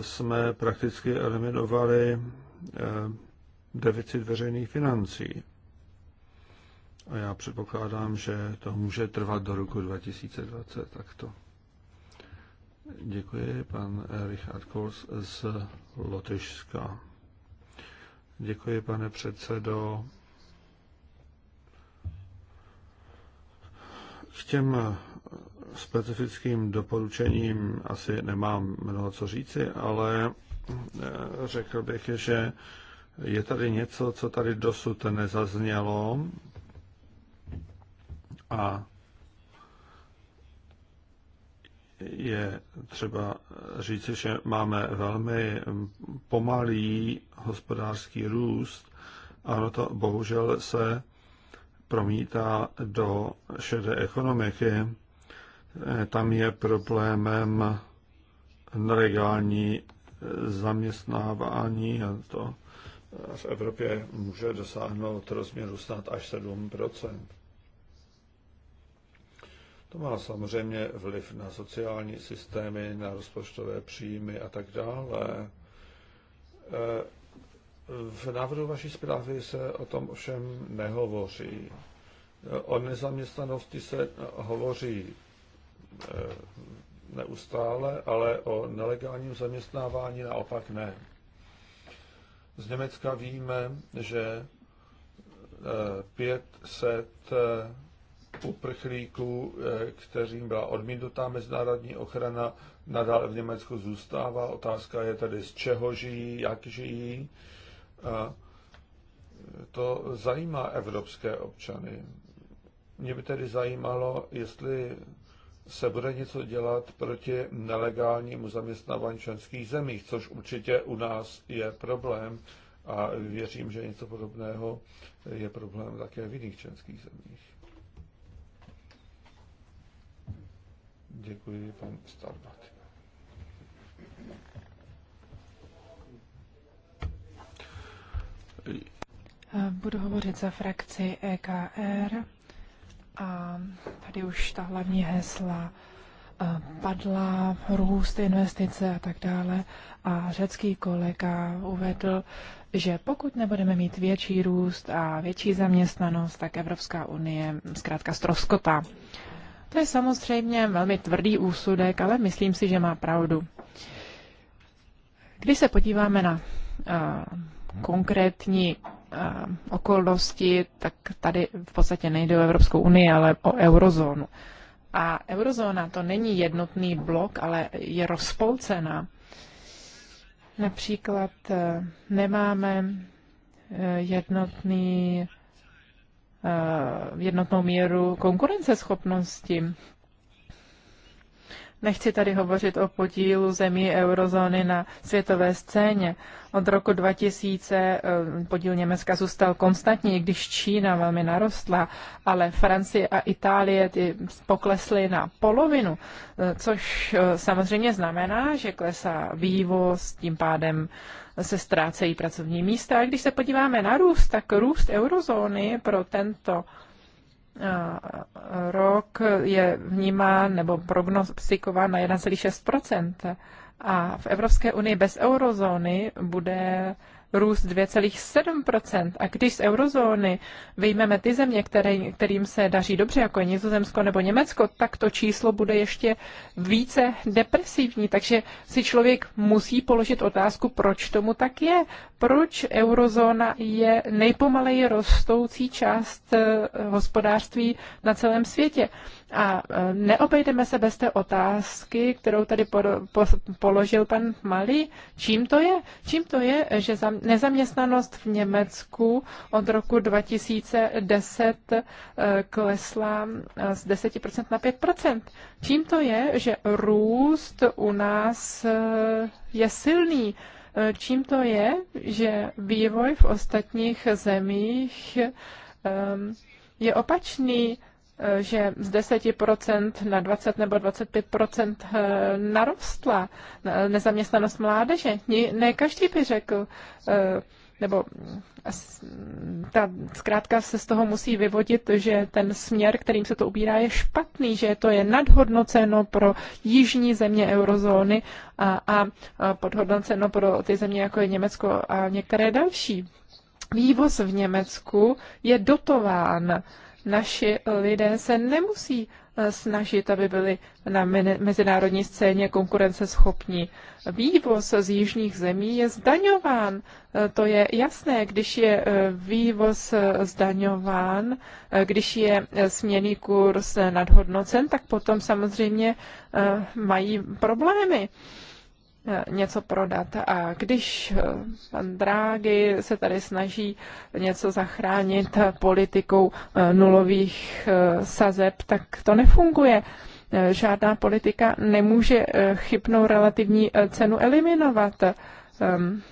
jsme prakticky eliminovali deficit veřejných financí. A já předpokládám, že to může trvat do roku 2020 takto. Děkuji, pan Richard Kors z Lotyšska. Děkuji, pane předsedo. K těm specifickým doporučením asi nemám mnoho co říci, ale eh, řekl bych, že je tady něco, co tady dosud nezaznělo a je třeba říci, že máme velmi pomalý hospodářský růst a ono to bohužel se promítá do šedé ekonomiky. Tam je problémem nelegální zaměstnávání a to v Evropě může dosáhnout rozměru snad až 7 to má samozřejmě vliv na sociální systémy, na rozpočtové příjmy a tak dále. Eh, v návrhu vaší zprávy se o tom všem nehovoří. O nezaměstnanosti se hovoří eh, neustále, ale o nelegálním zaměstnávání naopak ne. Z Německa víme, že 500 eh, uprchlíků, eh, kteřím byla odmítnutá mezinárodní ochrana, nadále v Německu zůstává. Otázka je tedy, z čeho žijí, jak žijí. A eh, to zajímá evropské občany. Mě by tedy zajímalo, jestli se bude něco dělat proti nelegálnímu zaměstnávání členských zemích, což určitě u nás je problém a věřím, že něco podobného je problém také v jiných členských zemích. Děkuji, pan Starbat. Budu hovořit za frakci EKR a tady už ta hlavní hesla eh, padla, růst, investice a tak dále. A řecký kolega uvedl, že pokud nebudeme mít větší růst a větší zaměstnanost, tak Evropská unie zkrátka stroskotá. To je samozřejmě velmi tvrdý úsudek, ale myslím si, že má pravdu. Když se podíváme na uh, konkrétní uh, okolnosti, tak tady v podstatě nejde o Evropskou unii, ale o eurozónu. A eurozóna to není jednotný blok, ale je rozpolcená. Například eh, nemáme jednotný v jednotnou míru konkurenceschopnosti. Nechci tady hovořit o podílu zemí eurozóny na světové scéně. Od roku 2000 eh, podíl Německa zůstal konstantní, i když Čína velmi narostla, ale Francie a Itálie ty poklesly na polovinu, eh, což eh, samozřejmě znamená, že klesá vývoz, tím pádem se ztrácejí pracovní místa. A když se podíváme na růst, tak růst eurozóny pro tento eh, rok je vnímán nebo prognostikován na 1,6 a v Evropské unii bez eurozóny bude růst 2,7%. A když z eurozóny vyjmeme ty země, které, kterým se daří dobře, jako je Nizozemsko nebo Německo, tak to číslo bude ještě více depresivní. Takže si člověk musí položit otázku, proč tomu tak je. Proč eurozóna je nejpomaleji rostoucí část eh, hospodářství na celém světě. A e, neobejdeme se bez té otázky, kterou tady položil pan Malý. Čím to je? Čím to je, že nezaměstnanost v Německu od roku 2010 e, klesla e, z 10% na 5%? Čím to je, že růst u nás je silný? Čím to je, že vývoj v ostatních zemích je opačný? Eh, že z 10% na 20 nebo 25% eh, narostla eh, nezaměstnanost mládeže. Ne každý by řekl, nebo ta, zkrátka se z toho musí vyvodit, že ten směr, kterým se to ubírá, je špatný, že to je nadhodnoceno pro jižní země eurozóny a, a podhodnoceno pro ty země, jako je Německo a některé další. Vývoz v Německu je dotován uh, naši lidé se nemusí eh, snažit, aby byli na mezinárodní scéně konkurenceschopní. Vývoz z jižních zemí je zdaňován. Eh, to je jasné, když je eh, vývoz zdaňován, když je směný kurz nadhodnocen, tak potom samozřejmě mají problémy. Eh, něco prodat. A když eh, pan Drágy se tady snaží něco zachránit eh, politikou nulových sazeb, tak to nefunguje. Žádná politika nemůže chybnou relativní cenu eliminovat. Ehm,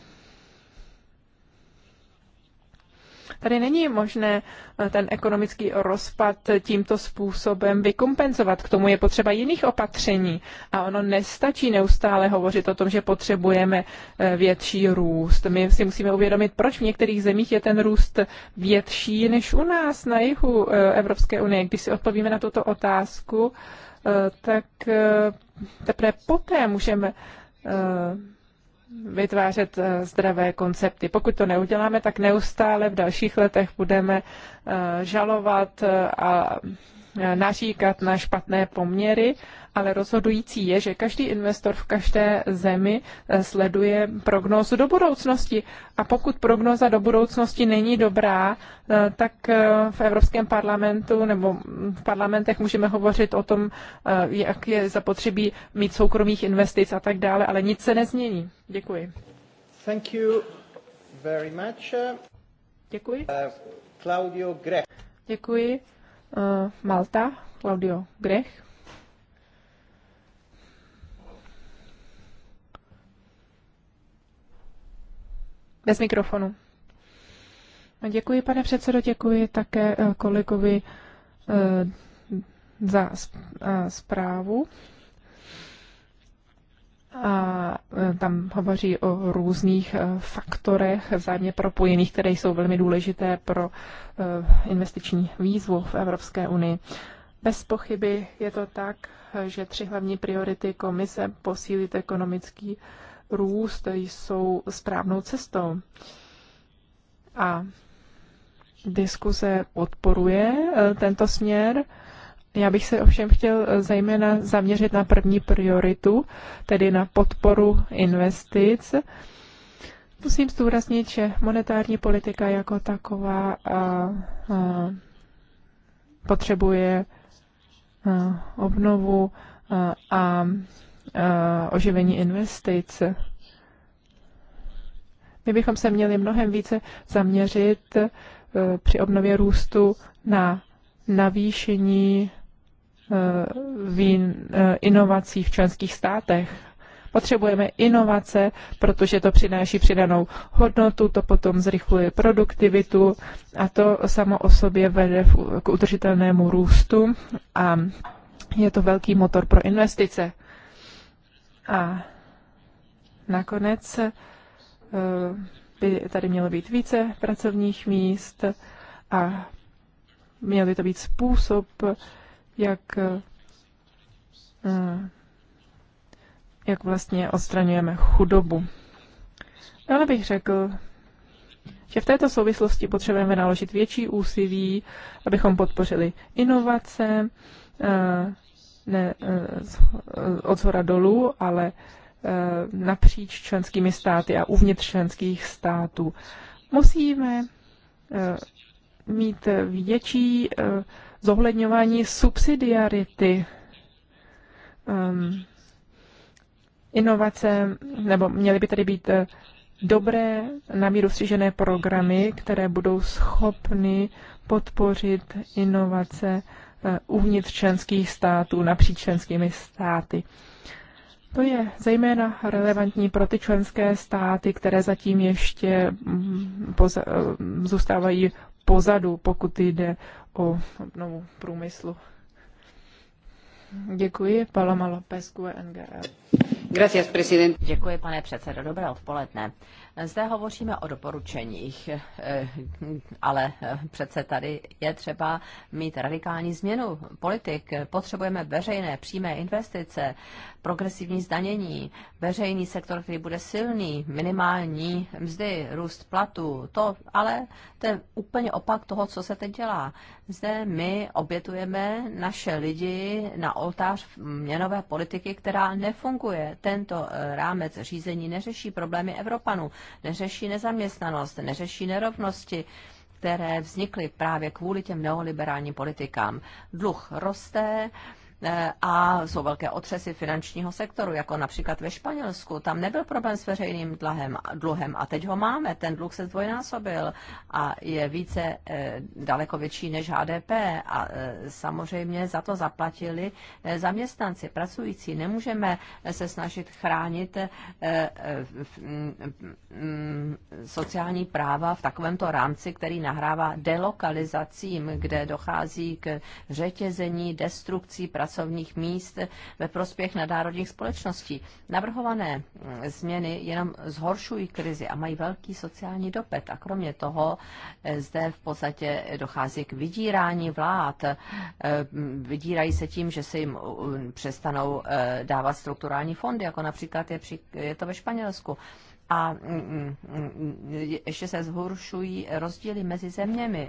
Tady není možné eh, ten ekonomický rozpad tímto způsobem vykompenzovat. K tomu je potřeba jiných opatření. A ono nestačí neustále hovořit o tom, že potřebujeme eh, větší růst. My si musíme uvědomit, proč v některých zemích je ten růst větší než u nás na jihu eh, Evropské unie. Když si odpovíme na tuto otázku, tak teprve poté můžeme vytvářet eh, zdravé koncepty. Pokud to neuděláme, tak neustále v dalších letech budeme eh, žalovat eh, a naříkat na špatné poměry ale rozhodující je, že každý investor v každé zemi eh, sleduje prognózu do budoucnosti. A pokud prognóza do budoucnosti není dobrá, eh, tak eh, v Evropském parlamentu nebo v parlamentech můžeme hovořit o tom, jak je zapotřebí mít soukromých investic a tak dále, ale nic se nezmění. Děkuji. Thank you very much. Děkuji. Uh, Claudio Grech. Děkuji. Uh, Malta, Claudio Grech. bez mikrofonu. Děkuji, pane předsedo, děkuji také eh, kolegovi eh, za eh, zprávu. A tam hovoří o různých faktorech vzájemně propojených, které jsou velmi důležité pro investiční výzvu v Evropské unii. Bez pochyby je to tak, že tři hlavní priority komise posílit ekonomický růst jsou správnou cestou. A diskuze podporuje e, tento směr. Já bych se ovšem chtěl e, zejména zaměřit na první prioritu, tedy na podporu investic. Musím zdůraznit, že monetární politika jako taková a, a, potřebuje a, obnovu a, a Eh, oživení investic. My bychom se měli mnohem více zaměřit eh, při obnově růstu na navýšení eh, inovací v členských státech. Potřebujeme inovace, protože to přináší přidanou hodnotu, to potom zrychluje produktivitu a to samo o sobě vede k udržitelnému růstu a je to velký motor pro investice. A nakonec eh, by tady mělo být více pracovních míst a měl by to být způsob, jak, eh, jak vlastně odstraňujeme chudobu. Ale bych řekl, že v této souvislosti potřebujeme naložit větší úsilí, abychom podpořili inovace, eh, ne eh, eh, od zhora dolů, ale eh, napříč členskými státy a uvnitř členských států. Musíme mít větší zohledňování subsidiarity ehm, inovace, nebo měly by tady být dobré na míru střížené programy, které budou schopny podpořit inovace Eh, uvnitř členských států, napříč členskými státy. To je zejména relevantní pro ty členské státy, které zatím ještě mm, poza, eh, zůstávají pozadu, pokud jde o obnovu průmyslu. Děkuji, Paloma López, NGL. Gracias, Děkuji, pane předsedo. Dobré odpoledne. Zde hovoříme o doporučeních, eh, ale eh, přece tady je třeba mít radikální změnu politik. Potřebujeme veřejné přímé investice, progresivní zdanění, veřejný sektor, který bude silný, minimální mzdy, růst platů. To ale to je úplně opak toho, co se teď dělá. Zde my obětujeme naše lidi na oltář měnové politiky, která nefunguje. Tento eh, rámec řízení neřeší problémy Evropanů neřeší nezaměstnanost, neřeší nerovnosti, které vznikly právě kvůli těm neoliberálním politikám. Dluh roste, Eh, a jsou velké otřesy finančního sektoru, jako například ve Španělsku. Tam nebyl problém s veřejným dluhem, dluhem a teď ho máme. Ten dluh se zdvojnásobil a je více eh, daleko větší než HDP a eh, samozřejmě za to zaplatili zaměstnanci, pracující. Nemůžeme se snažit chránit mm, mm, sociální práva v takovémto rámci, který nahrává delokalizacím, kde dochází k řetězení, destrukcí pracovníků pracovních míst ve prospěch nadárodních společností. Navrhované mm, změny jenom zhoršují krizi a mají velký sociální dopad. A kromě toho eh, zde v podstatě dochází k vydírání vlád. Eh, mm, vydírají se tím, že se jim přestanou eh, dávat strukturální fondy, jako například je, je to ve Španělsku a mm, mm, mm, ještě se zhoršují rozdíly mezi zeměmi.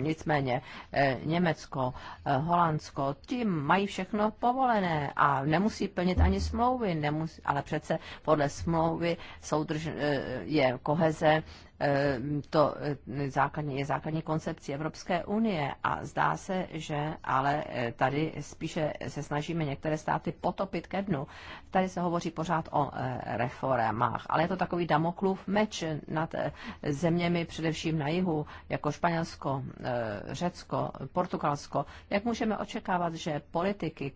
Nicméně eh, Německo, eh, Holandsko, ti mají všechno povolené a nemusí plnit ani smlouvy, nemusí, ale přece podle smlouvy soudrž, eh, je koheze Eh, to eh, základní, je základní koncepci Evropské unie a zdá se, že ale eh, tady spíše se snažíme některé státy potopit ke dnu. Tady se hovoří pořád o reformách, ale je to takový damoklův meč nad zeměmi především na jihu, jako Španělsko, Řecko, Portugalsko. Jak můžeme očekávat, že politiky,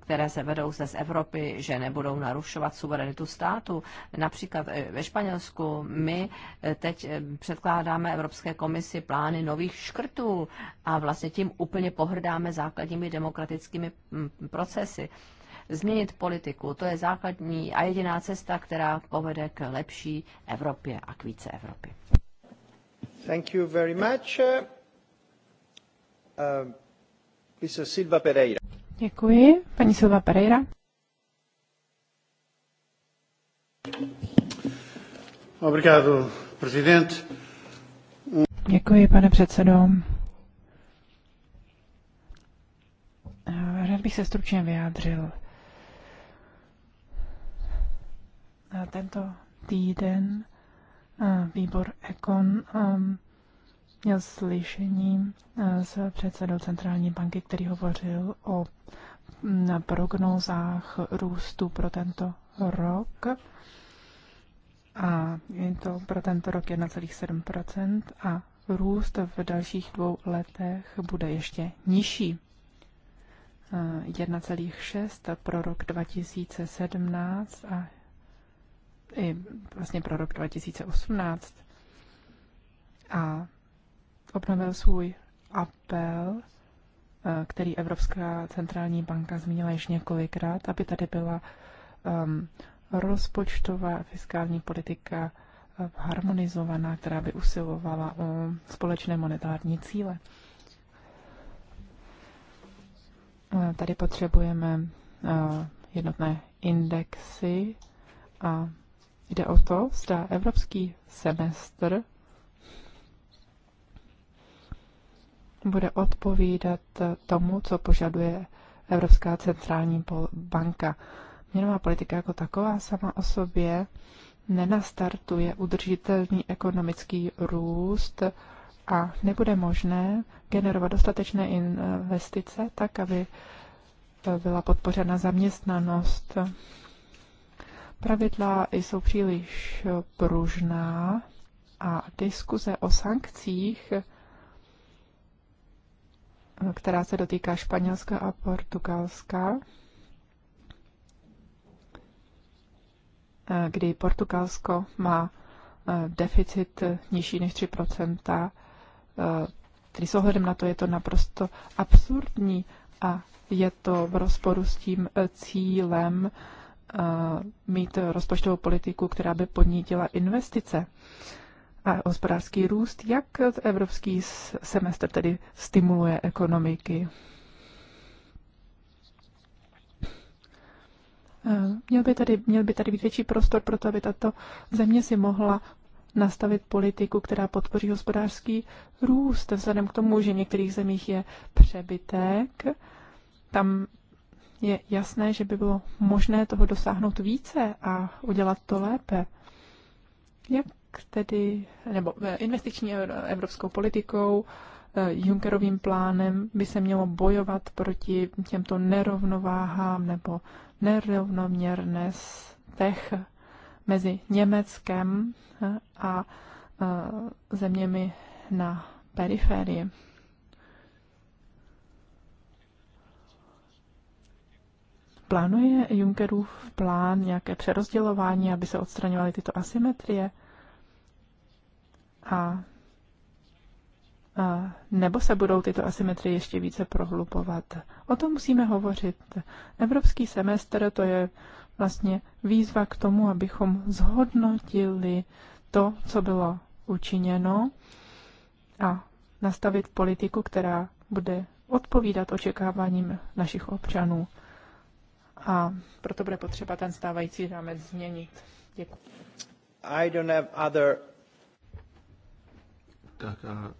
které se vedou se z Evropy, že nebudou narušovat suverenitu státu, Například eh, ve Španělsku my eh, teď eh, předkládáme Evropské komisi plány nových škrtů a vlastně tím úplně pohrdáme základními demokratickými mm, procesy. Změnit politiku, to je základní a jediná cesta, která povede k lepší Evropě a k více Evropy. Thank you very much. Uh, Silva Pereira. Děkuji. Paní Silva Pereira. Obrigado, Děkuji, pane předsedo. Rád bych se stručně vyjádřil. Tento týden výbor Ekon měl slyšení s předsedou Centrální banky, který hovořil o prognózách růstu pro tento rok a je to pro tento rok 1,7 a růst v dalších dvou letech bude ještě nižší. 1,6 pro rok 2017 a i vlastně pro rok 2018. A obnovil svůj apel, e, který Evropská centrální banka zmínila již několikrát, aby tady byla um, rozpočtová fiskální politika harmonizovaná, která by usilovala o společné monetární cíle. Tady potřebujeme jednotné indexy a jde o to, zda evropský semestr bude odpovídat tomu, co požaduje Evropská centrální banka. Měnová politika jako taková sama o sobě nenastartuje udržitelný ekonomický růst a nebude možné generovat dostatečné investice tak, aby byla podpořena zaměstnanost. Pravidla jsou příliš pružná a diskuze o sankcích, která se dotýká Španělska a Portugalska, kdy Portugalsko má eh, deficit nižší než 3 eh, tedy s ohledem na to je to naprosto absurdní a je to v rozporu s tím eh, cílem mít rozpočtovou politiku, která by podnítila investice a hospodářský růst. Jak evropský semestr tedy stimuluje ekonomiky? Eh, měl by, tady, měl by tady být větší prostor pro to, aby tato země si mohla nastavit politiku, která podpoří hospodářský růst, vzhledem k tomu, že v některých zemích je přebytek. Tam je jasné, že by bylo možné toho dosáhnout více a udělat to lépe. Jak tedy, nebo eh, investiční evropskou politikou, eh, Junckerovým plánem by se mělo bojovat proti těmto nerovnováhám nebo nerovnoměrnostech mezi Německem eh, a eh, zeměmi na periferii. Plánuje Junckerův plán nějaké přerozdělování, aby se odstraňovaly tyto asymetrie? A nebo se budou tyto asymetrie ještě více prohlubovat. O tom musíme hovořit. Evropský semestr to je vlastně výzva k tomu, abychom zhodnotili to, co bylo učiněno a nastavit politiku, která bude odpovídat očekáváním našich občanů. A proto bude potřeba ten stávající rámec změnit. Děkuji. I don't have other tak a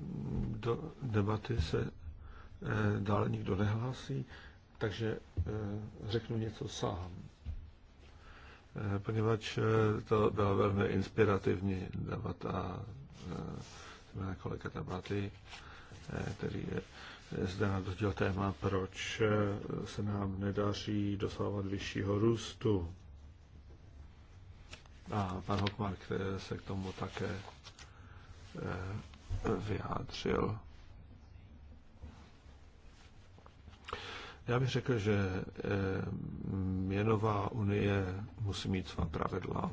do debaty se eh, dále nikdo nehlásí, takže eh, řeknu něco sám. Eh, poněvadž to byla velmi inspirativní debata na kolega debaty, který je zde na rozdíl téma, proč se nám nedaří dosávat vyššího růstu. A pan Hockmark se k tomu také vyjádřil. Já bych řekl, že eh, měnová unie musí mít svá pravidla,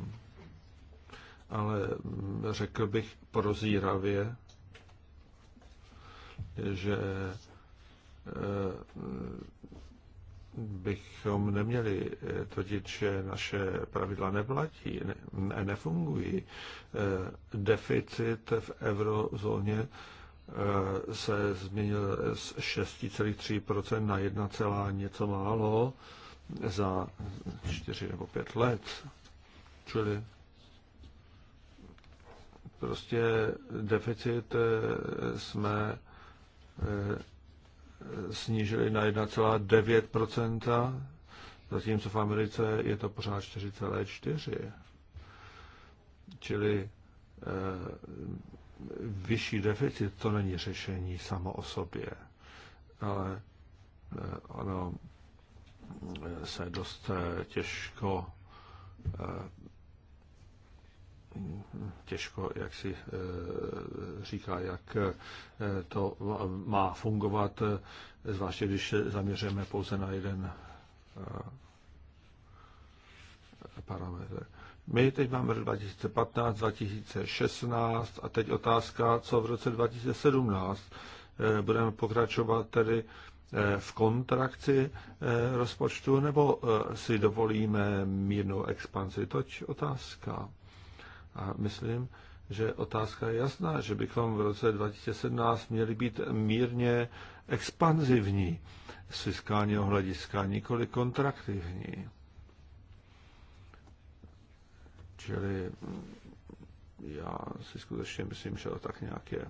ale mm, řekl bych prozíravě, že eh, bychom neměli eh, tvrdit, že naše pravidla neplatí, ne, nefungují. Eh, deficit v eurozóně eh, se změnil z 6,3% na 1, něco málo za 4 nebo 5 let. Čili prostě deficit jsme snížili na 1,9%, zatímco v Americe je to pořád 4,4%. Čili eh, vyšší deficit to není řešení samo o sobě, ale eh, ono eh, se dost těžko těžko, jak si eh, říká, jak eh, to má fungovat, eh, zvláště když zaměřujeme pouze na jeden parametr. My teď máme 2015, 2016 a teď otázka, co v roce 2017. Budeme pokračovat tedy v kontrakci rozpočtu nebo si dovolíme mírnou expanzi? Toť otázka. A myslím, že otázka je jasná, že bychom v roce 2017 měli být mírně expanzivní z fiskálního hlediska, nikoli kontraktivní. Čili já si skutečně myslím, že to tak nějak je.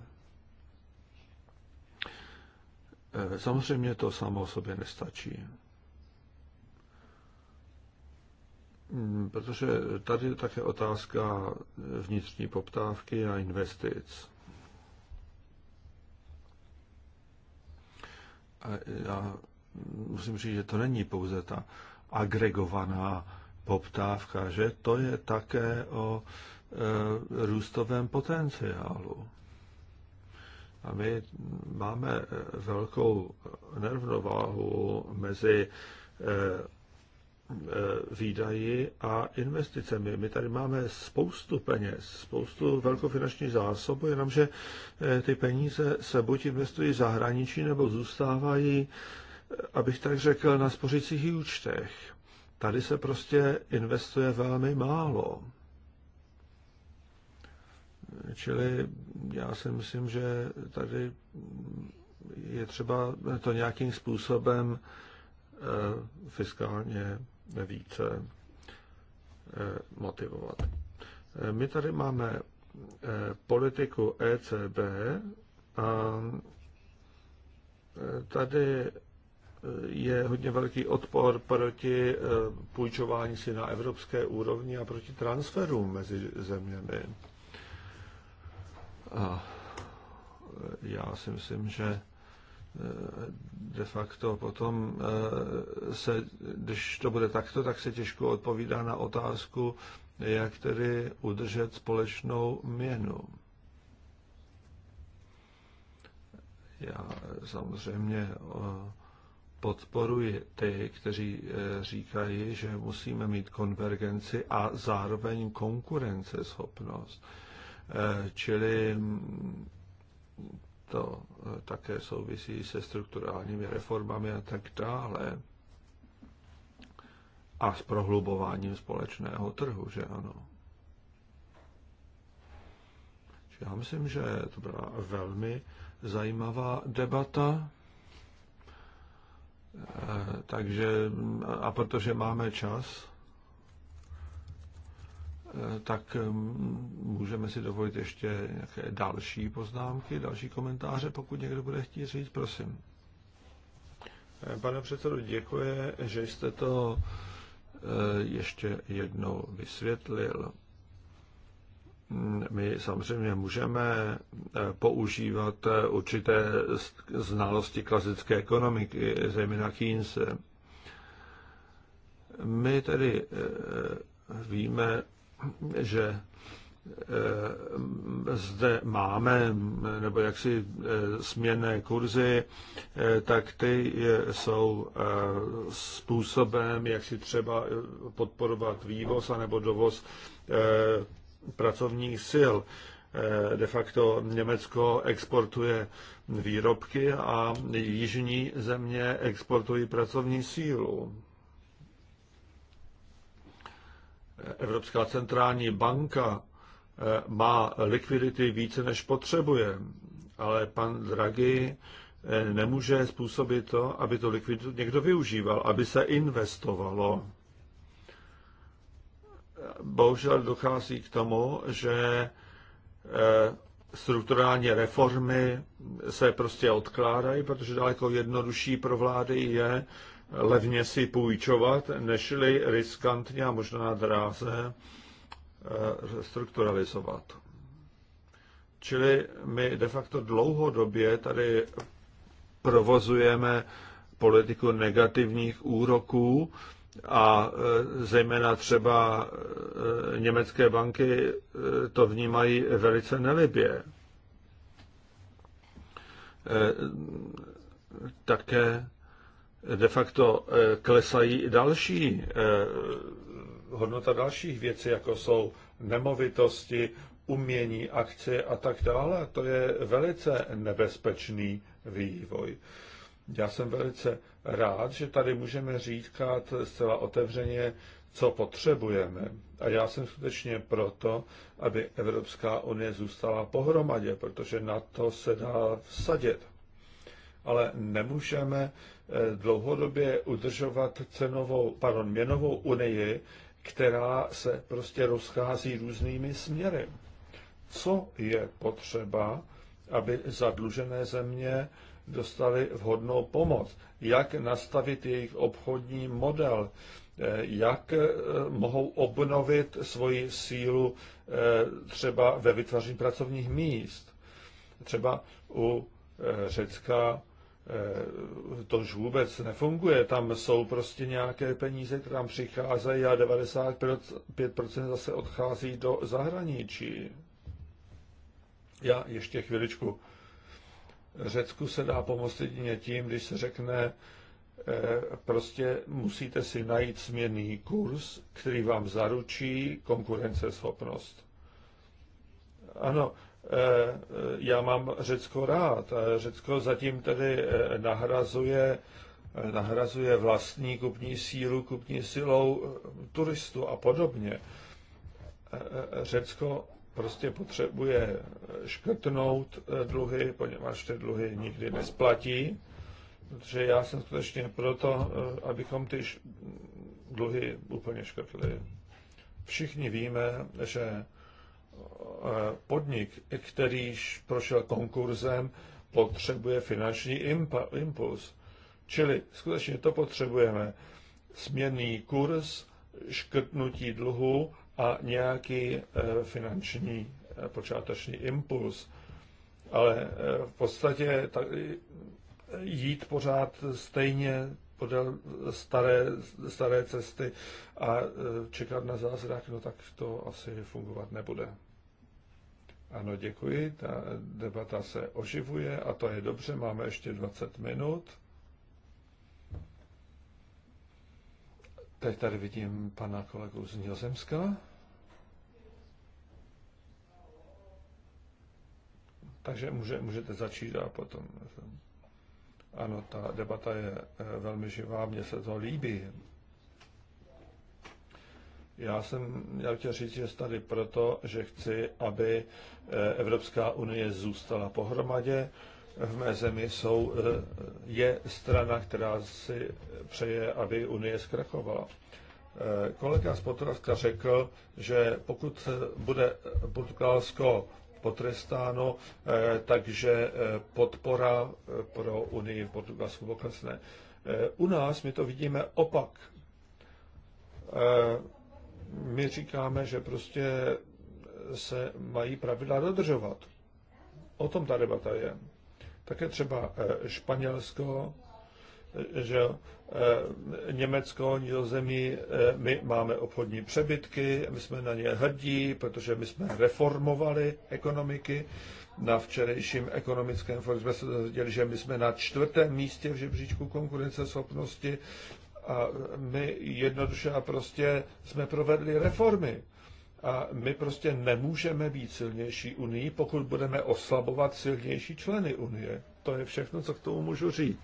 E, samozřejmě to samo o sobě nestačí. Mm, protože tady je také otázka vnitřní poptávky a investic. A já musím říct, že to není pouze ta agregovaná poptávka, že to je také o e, růstovém potenciálu. A my máme velkou nerovnováhu mezi e, Eh, výdaji a investicemi. My tady máme spoustu peněz, spoustu velkofinanční zásobu, jenomže eh, ty peníze se buď investují v zahraničí, nebo zůstávají, eh, abych tak řekl, na spořicích účtech. Tady se prostě investuje velmi málo. Čili já si myslím, že tady je třeba to nějakým způsobem fiskálně více eh, motivovat. Eh, my tady máme eh, politiku ECB a tady je hodně velký odpor proti půjčování si na evropské úrovni a proti transferům mezi zeměmi. A já si myslím, že Eh, de facto potom eh, se, když to bude takto, tak se těžko odpovídá na otázku, jak tedy udržet společnou měnu. Já samozřejmě eh, podporuji ty, kteří říkají, že musíme mít konvergenci a zároveň konkurenceschopnost. Čili to eh, také souvisí se strukturálními reformami a tak dále a s prohlubováním společného trhu, že ano. Já myslím, že to byla velmi zajímavá debata. Eh, takže, a protože máme čas, Eh, tak eh, můžeme si dovolit ještě nějaké další poznámky, další komentáře, pokud někdo bude chtít říct, prosím. Eh, pane předsedo, děkuji, že jste to ještě jednou vysvětlil. Mm, my samozřejmě můžeme používat určité znalosti klasické ekonomiky, zejména Keynes. My tedy víme, že eh, zde máme, nebo jaksi eh, směnné kurzy, eh, tak ty jsou způsobem, jak si třeba podporovat vývoz anebo dovoz pracovních sil. De facto Německo exportuje výrobky a jižní země exportují pracovní sílu. Evropská centrální banka eh, má likvidity více, než potřebuje, ale pan Draghi eh, nemůže způsobit to, aby to likviditu někdo využíval, aby se investovalo. Bohužel dochází k tomu, že eh, strukturální reformy se prostě odkládají, protože daleko jednodušší pro vlády je levně si půjčovat, nešli riskantně a možná dráze eh, strukturalizovat. Čili my de facto dlouhodobě tady provozujeme politiku negativních úroků a eh, zejména třeba eh, německé banky to vnímají velice nelibě. Také de facto eh, klesají další, eh, hodnota dalších věcí, jako jsou nemovitosti, umění, akcie a tak dále. To je velice nebezpečný vývoj. Já jsem velice rád, že tady můžeme říkat zcela otevřeně, co potřebujeme. A já jsem skutečně proto, aby Evropská unie zůstala pohromadě, protože na to se dá vsadit. Ale nemůžeme Eh, dlouhodobě udržovat cenovou, pardon, měnovou unii, která se prostě rozchází různými směry. Co je potřeba, aby zadlužené země dostali vhodnou pomoc, jak nastavit jejich obchodní model, eh, jak eh, mohou obnovit svoji sílu třeba ve vytváření pracovních míst. Třeba u Řecka Eh, to už vůbec nefunguje. Tam jsou prostě nějaké peníze, které tam přicházejí a 95% zase odchází do zahraničí. Já ještě chviličku. Řecku se dá pomoct jedině tím, když se řekne, eh, prostě musíte si najít směrný kurz, který vám zaručí konkurenceschopnost. Ano, Eh, já mám Řecko rád. Řecko zatím tedy eh, nahrazuje, eh, nahrazuje vlastní kupní sílu, kupní silou turistu a podobně. Řecko prostě potřebuje škrtnout dluhy, poněvadž ty dluhy nikdy nesplatí. Protože já jsem skutečně proto, abychom ty dluhy úplně škrtli. Všichni víme, že podnik, kterýž prošel konkurzem, potřebuje finanční impuls. Čili skutečně to potřebujeme. Směrný kurz, škrtnutí dluhu a nějaký e, finanční e, počáteční impuls. Ale e, v podstatě jít pořád stejně podél staré, staré cesty a e, čekat na zázrak, no tak to asi fungovat nebude. Ano, děkuji. Ta debata se oživuje a to je dobře. Máme ještě 20 minut. Teď tady vidím pana kolegu z Nizozemska. Takže může, můžete začít a potom. Ano, ta debata je eh, velmi živá, mně se to líbí. Já jsem měl chtěl říct, že tady proto, že chci, aby eh, Evropská unie zůstala pohromadě. V mé zemi jsou, eh, je strana, která si přeje, aby Unie zkrachovala. Kolega z Potravka řekl, že pokud bude Portugalsko potrestáno, eh, takže eh, podpora eh, pro Unii v Portugalsku poklesne. U nás my to vidíme opak. My říkáme, že prostě se mají pravidla dodržovat. O tom ta debata je. Také třeba Španělsko že eh, Německo, Nizozemí, eh, my máme obchodní přebytky, my jsme na ně hrdí, protože my jsme reformovali ekonomiky. Na včerejším ekonomickém foru jsme se dozvěděli, že my jsme na čtvrtém místě v žebříčku konkurenceschopnosti a my jednoduše a prostě jsme provedli reformy. A my prostě nemůžeme být silnější unii, pokud budeme oslabovat silnější členy unie. To je všechno, co k tomu můžu říct.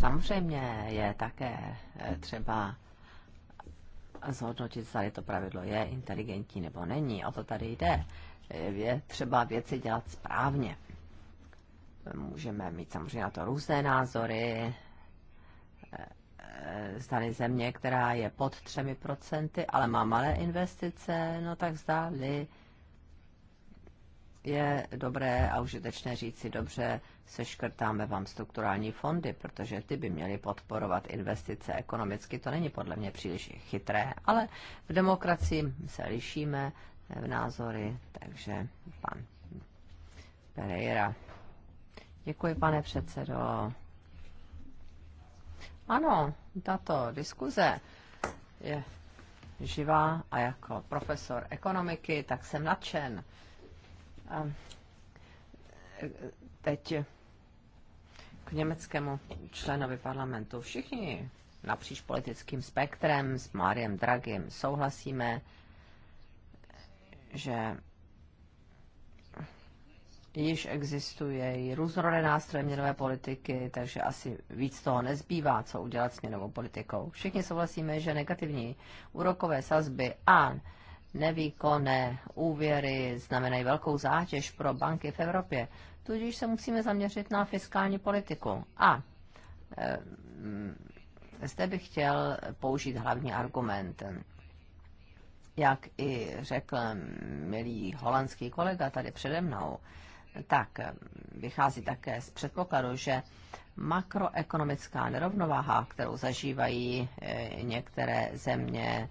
Samozřejmě je také eh, třeba zhodnotit, zda to pravidlo je inteligentní nebo není. O to tady jde. Je třeba věci dělat správně. Můžeme mít samozřejmě na to různé názory. Eh, eh, zdali země, která je pod 3%, ale má malé investice, no tak zdali je dobré a užitečné říci dobře, seškrtáme vám strukturální fondy, protože ty by měly podporovat investice ekonomicky. To není podle mě příliš chytré, ale v demokracii se lišíme eh, v názory, takže pan Pereira. Děkuji, pane předsedo. Ano, tato diskuze je živá a jako profesor ekonomiky, tak jsem nadšen. Eh, teď k německému členovi parlamentu. Všichni napříč politickým spektrem s Máriem Dragim souhlasíme, že již existuje i různorodé nástroje měnové politiky, takže asi víc toho nezbývá, co udělat s měnovou politikou. Všichni souhlasíme, že negativní úrokové sazby a nevýkonné úvěry znamenají velkou zátěž pro banky v Evropě. Tudíž se musíme zaměřit na fiskální politiku. A eh, zde bych chtěl použít hlavní argument. Jak i řekl milý holandský kolega tady přede mnou, tak eh, vychází také z předpokladu, že makroekonomická nerovnováha, kterou zažívají eh, některé země,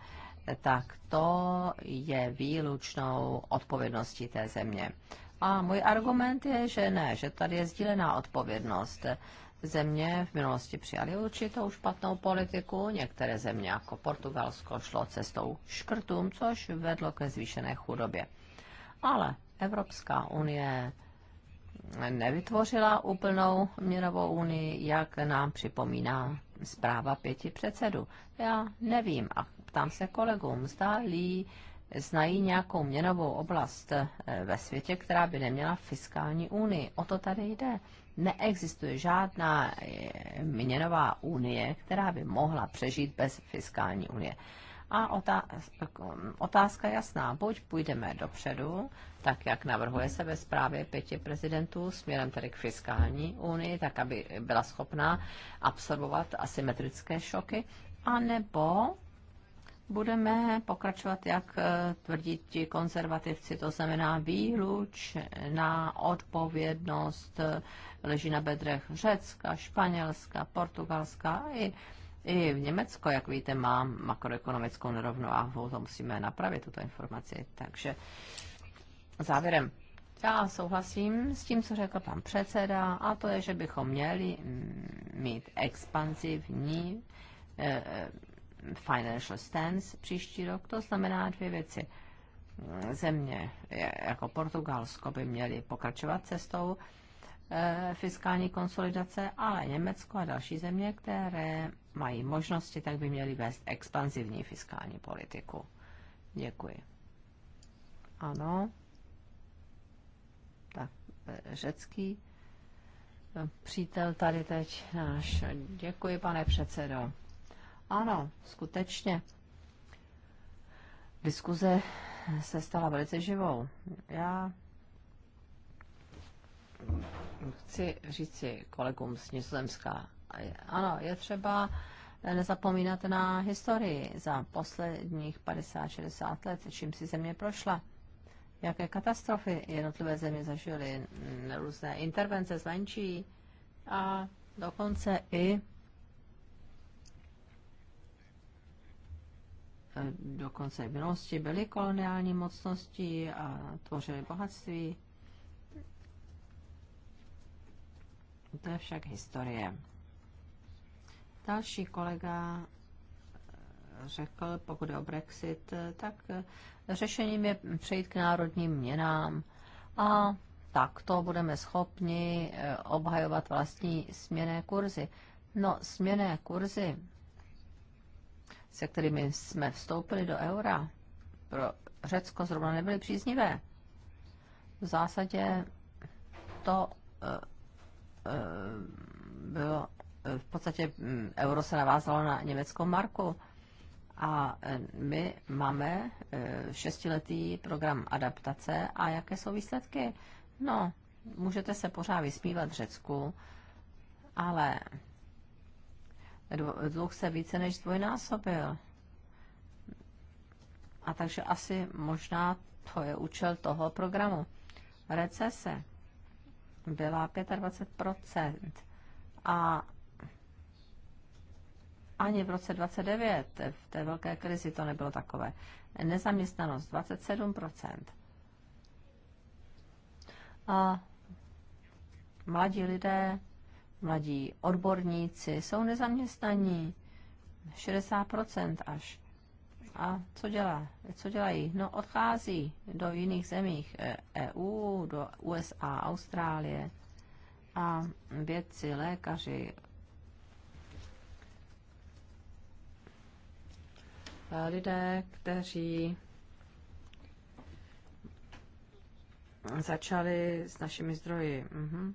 tak to je výlučnou odpovědností té země. A můj argument je, že ne, že tady je sdílená odpovědnost. Země v minulosti přijali určitou špatnou politiku, některé země jako Portugalsko šlo cestou škrtům, což vedlo ke zvýšené chudobě. Ale Evropská unie nevytvořila úplnou měnovou unii, jak nám připomíná zpráva pěti předsedů. Já nevím a ptám se kolegům, zdálí znají nějakou měnovou oblast eh, ve světě, která by neměla fiskální unii. O to tady jde. Neexistuje žádná eh, měnová unie, která by mohla přežít bez fiskální unie. A otázka jasná. Buď půjdeme dopředu, tak jak navrhuje se ve zprávě pěti prezidentů, směrem tedy k fiskální unii, tak aby byla schopná absorbovat asymetrické šoky, anebo budeme pokračovat, jak eh, tvrdí ti konzervativci, to znamená výluč na odpovědnost eh, leží na bedrech Řecka, Španělska, Portugalska i, i v Německo, jak víte, má makroekonomickou nerovnováhu, to musíme napravit, tuto informaci. Takže závěrem. Já souhlasím s tím, co řekl pan předseda, a to je, že bychom měli mm, mít expanzivní eh, financial stance příští rok. To znamená dvě věci. Země jako Portugalsko by měly pokračovat cestou eh, fiskální konsolidace, ale Německo a další země, které mají možnosti, tak by měly vést expanzivní fiskální politiku. Děkuji. Ano. Tak, eh, řecký eh, přítel tady teď náš. Děkuji, pane předsedo. Ano, skutečně. Diskuze se stala velice živou. Já chci říci kolegům z Nizozemska, ano, je třeba nezapomínat na historii za posledních 50-60 let, čím si země prošla. Jaké katastrofy jednotlivé země zažily, různé intervence zvenčí a dokonce i Eh, dokonce v minulosti byly koloniální mocnosti a tvořily bohatství. To je však historie. Další kolega eh, řekl, pokud je o Brexit, eh, tak řešením je přejít k národním měnám a takto budeme schopni obhajovat vlastní směné kurzy. No, směné kurzy se kterými jsme vstoupili do eura, pro Řecko zrovna nebyly příznivé. V zásadě to eh, eh, bylo eh, v podstatě mm, euro se navázalo na německou marku a my máme šestiletý program adaptace a jaké jsou výsledky? No, můžete se pořád vysmívat Řecku, ale dluh se více než dvojnásobil. A takže asi možná to je účel toho programu. Recese byla 25% a ani v roce 29, v té velké krizi, to nebylo takové. Nezaměstnanost 27%. A mladí lidé mladí odborníci jsou nezaměstnaní 60% až. A co dělá? Co dělají? No odchází do jiných zemích EU, eh, e do USA, Austrálie a vědci, lékaři, lidé, kteří začali s našimi zdroji. Uh-huh.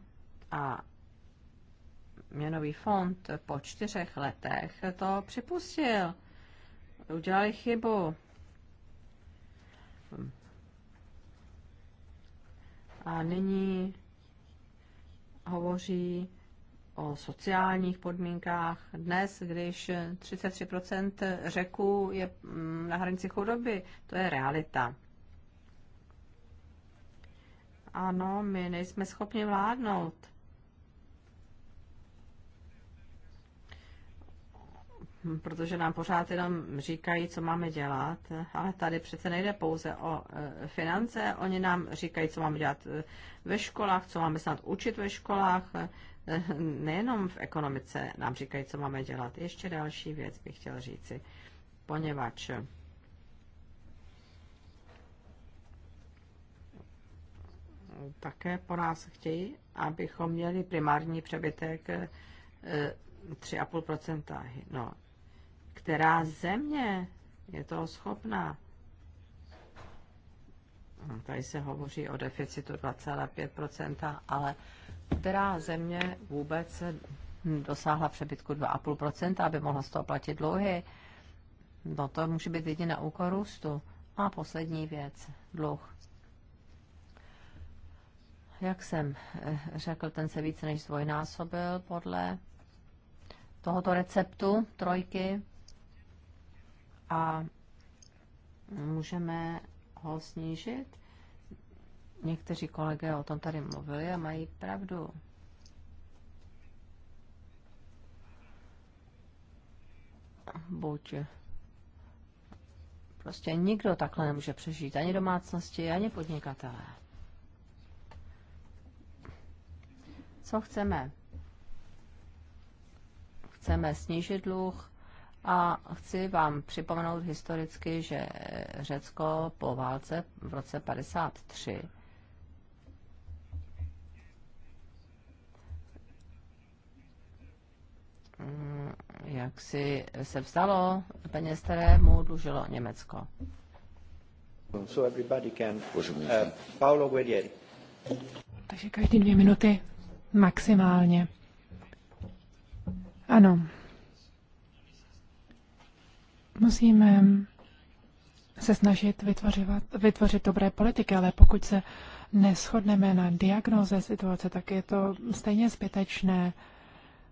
A měnový fond po čtyřech letech to připustil. Udělali chybu. A nyní hovoří o sociálních podmínkách. Dnes, když 33% řeků je mm, na hranici chudoby, to je realita. Ano, my nejsme schopni vládnout Hm, protože nám pořád jenom říkají, co máme dělat, ale tady přece nejde pouze o e, finance, oni nám říkají, co máme dělat e, ve školách, co máme snad učit ve školách, e, nejenom v ekonomice nám říkají, co máme dělat. Ještě další věc bych chtěl říci, poněvadž také po nás chtějí, abychom měli primární přebytek 3,5%. No, která země je toho schopná. Hm, tady se hovoří o deficitu 2,5%, ale která země vůbec dosáhla přebytku 2,5%, aby mohla z toho platit dluhy? No to může být jedině na úkor růstu. A poslední věc, dluh. Jak jsem eh, řekl, ten se více než zdvojnásobil podle tohoto receptu trojky a můžeme ho snížit. Někteří kolegé o tom tady mluvili a mají pravdu. Buď prostě nikdo takhle nemůže přežít, ani domácnosti, ani podnikatelé. Co chceme? Chceme snížit dluh, a chci vám připomenout historicky, že Řecko po válce v roce 53 mm, jak si se vzalo peněz, které mu dlužilo Německo. So everybody can, uh, Paolo Guerrieri. Takže každý dvě minuty maximálně. Ano, Musíme se snažit vytvořit, vytvořit dobré politiky, ale pokud se neschodneme na diagnoze situace, tak je to stejně zbytečné.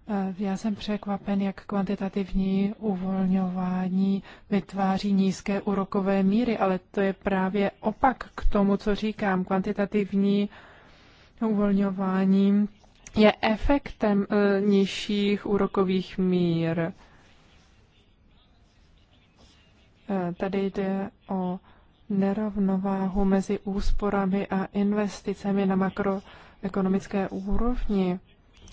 Eh, já jsem překvapen, jak kvantitativní uvolňování vytváří nízké úrokové míry, ale to je právě opak k tomu, co říkám. Kvantitativní uvolňování je efektem eh, nižších úrokových mír. Eh, tady jde o nerovnováhu mezi úsporami a investicemi na makroekonomické úrovni.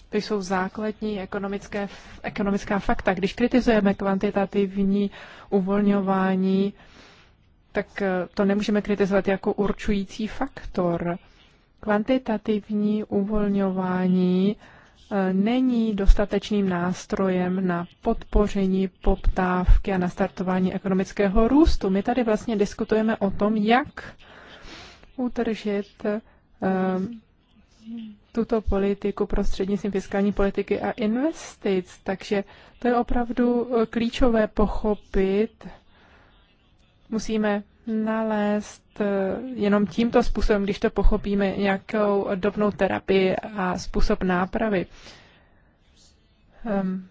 To jsou základní ekonomické, ekonomická fakta. Když kritizujeme kvantitativní uvolňování, tak eh, to nemůžeme kritizovat jako určující faktor. Kvantitativní uvolňování není dostatečným nástrojem na podpoření poptávky a nastartování ekonomického růstu. My tady vlastně diskutujeme o tom, jak udržet ehm, tuto politiku prostřednictvím fiskální politiky a investic. Takže to je opravdu eh, klíčové pochopit. Musíme nalézt eh, jenom tímto způsobem, když to pochopíme, nějakou dobnou terapii a způsob nápravy. Um,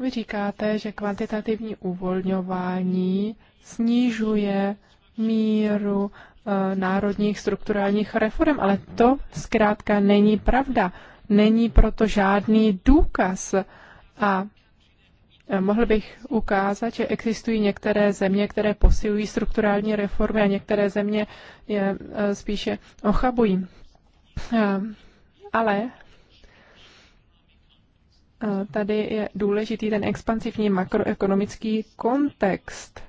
vy říkáte, že kvantitativní uvolňování snižuje míru eh, národních strukturálních reform, ale to zkrátka není pravda. Není proto žádný důkaz. A Eh, mohl bych ukázat, že existují některé země, které posilují strukturální reformy a některé země je eh, spíše ochabují. Eh, ale tady je důležitý ten expansivní makroekonomický kontext.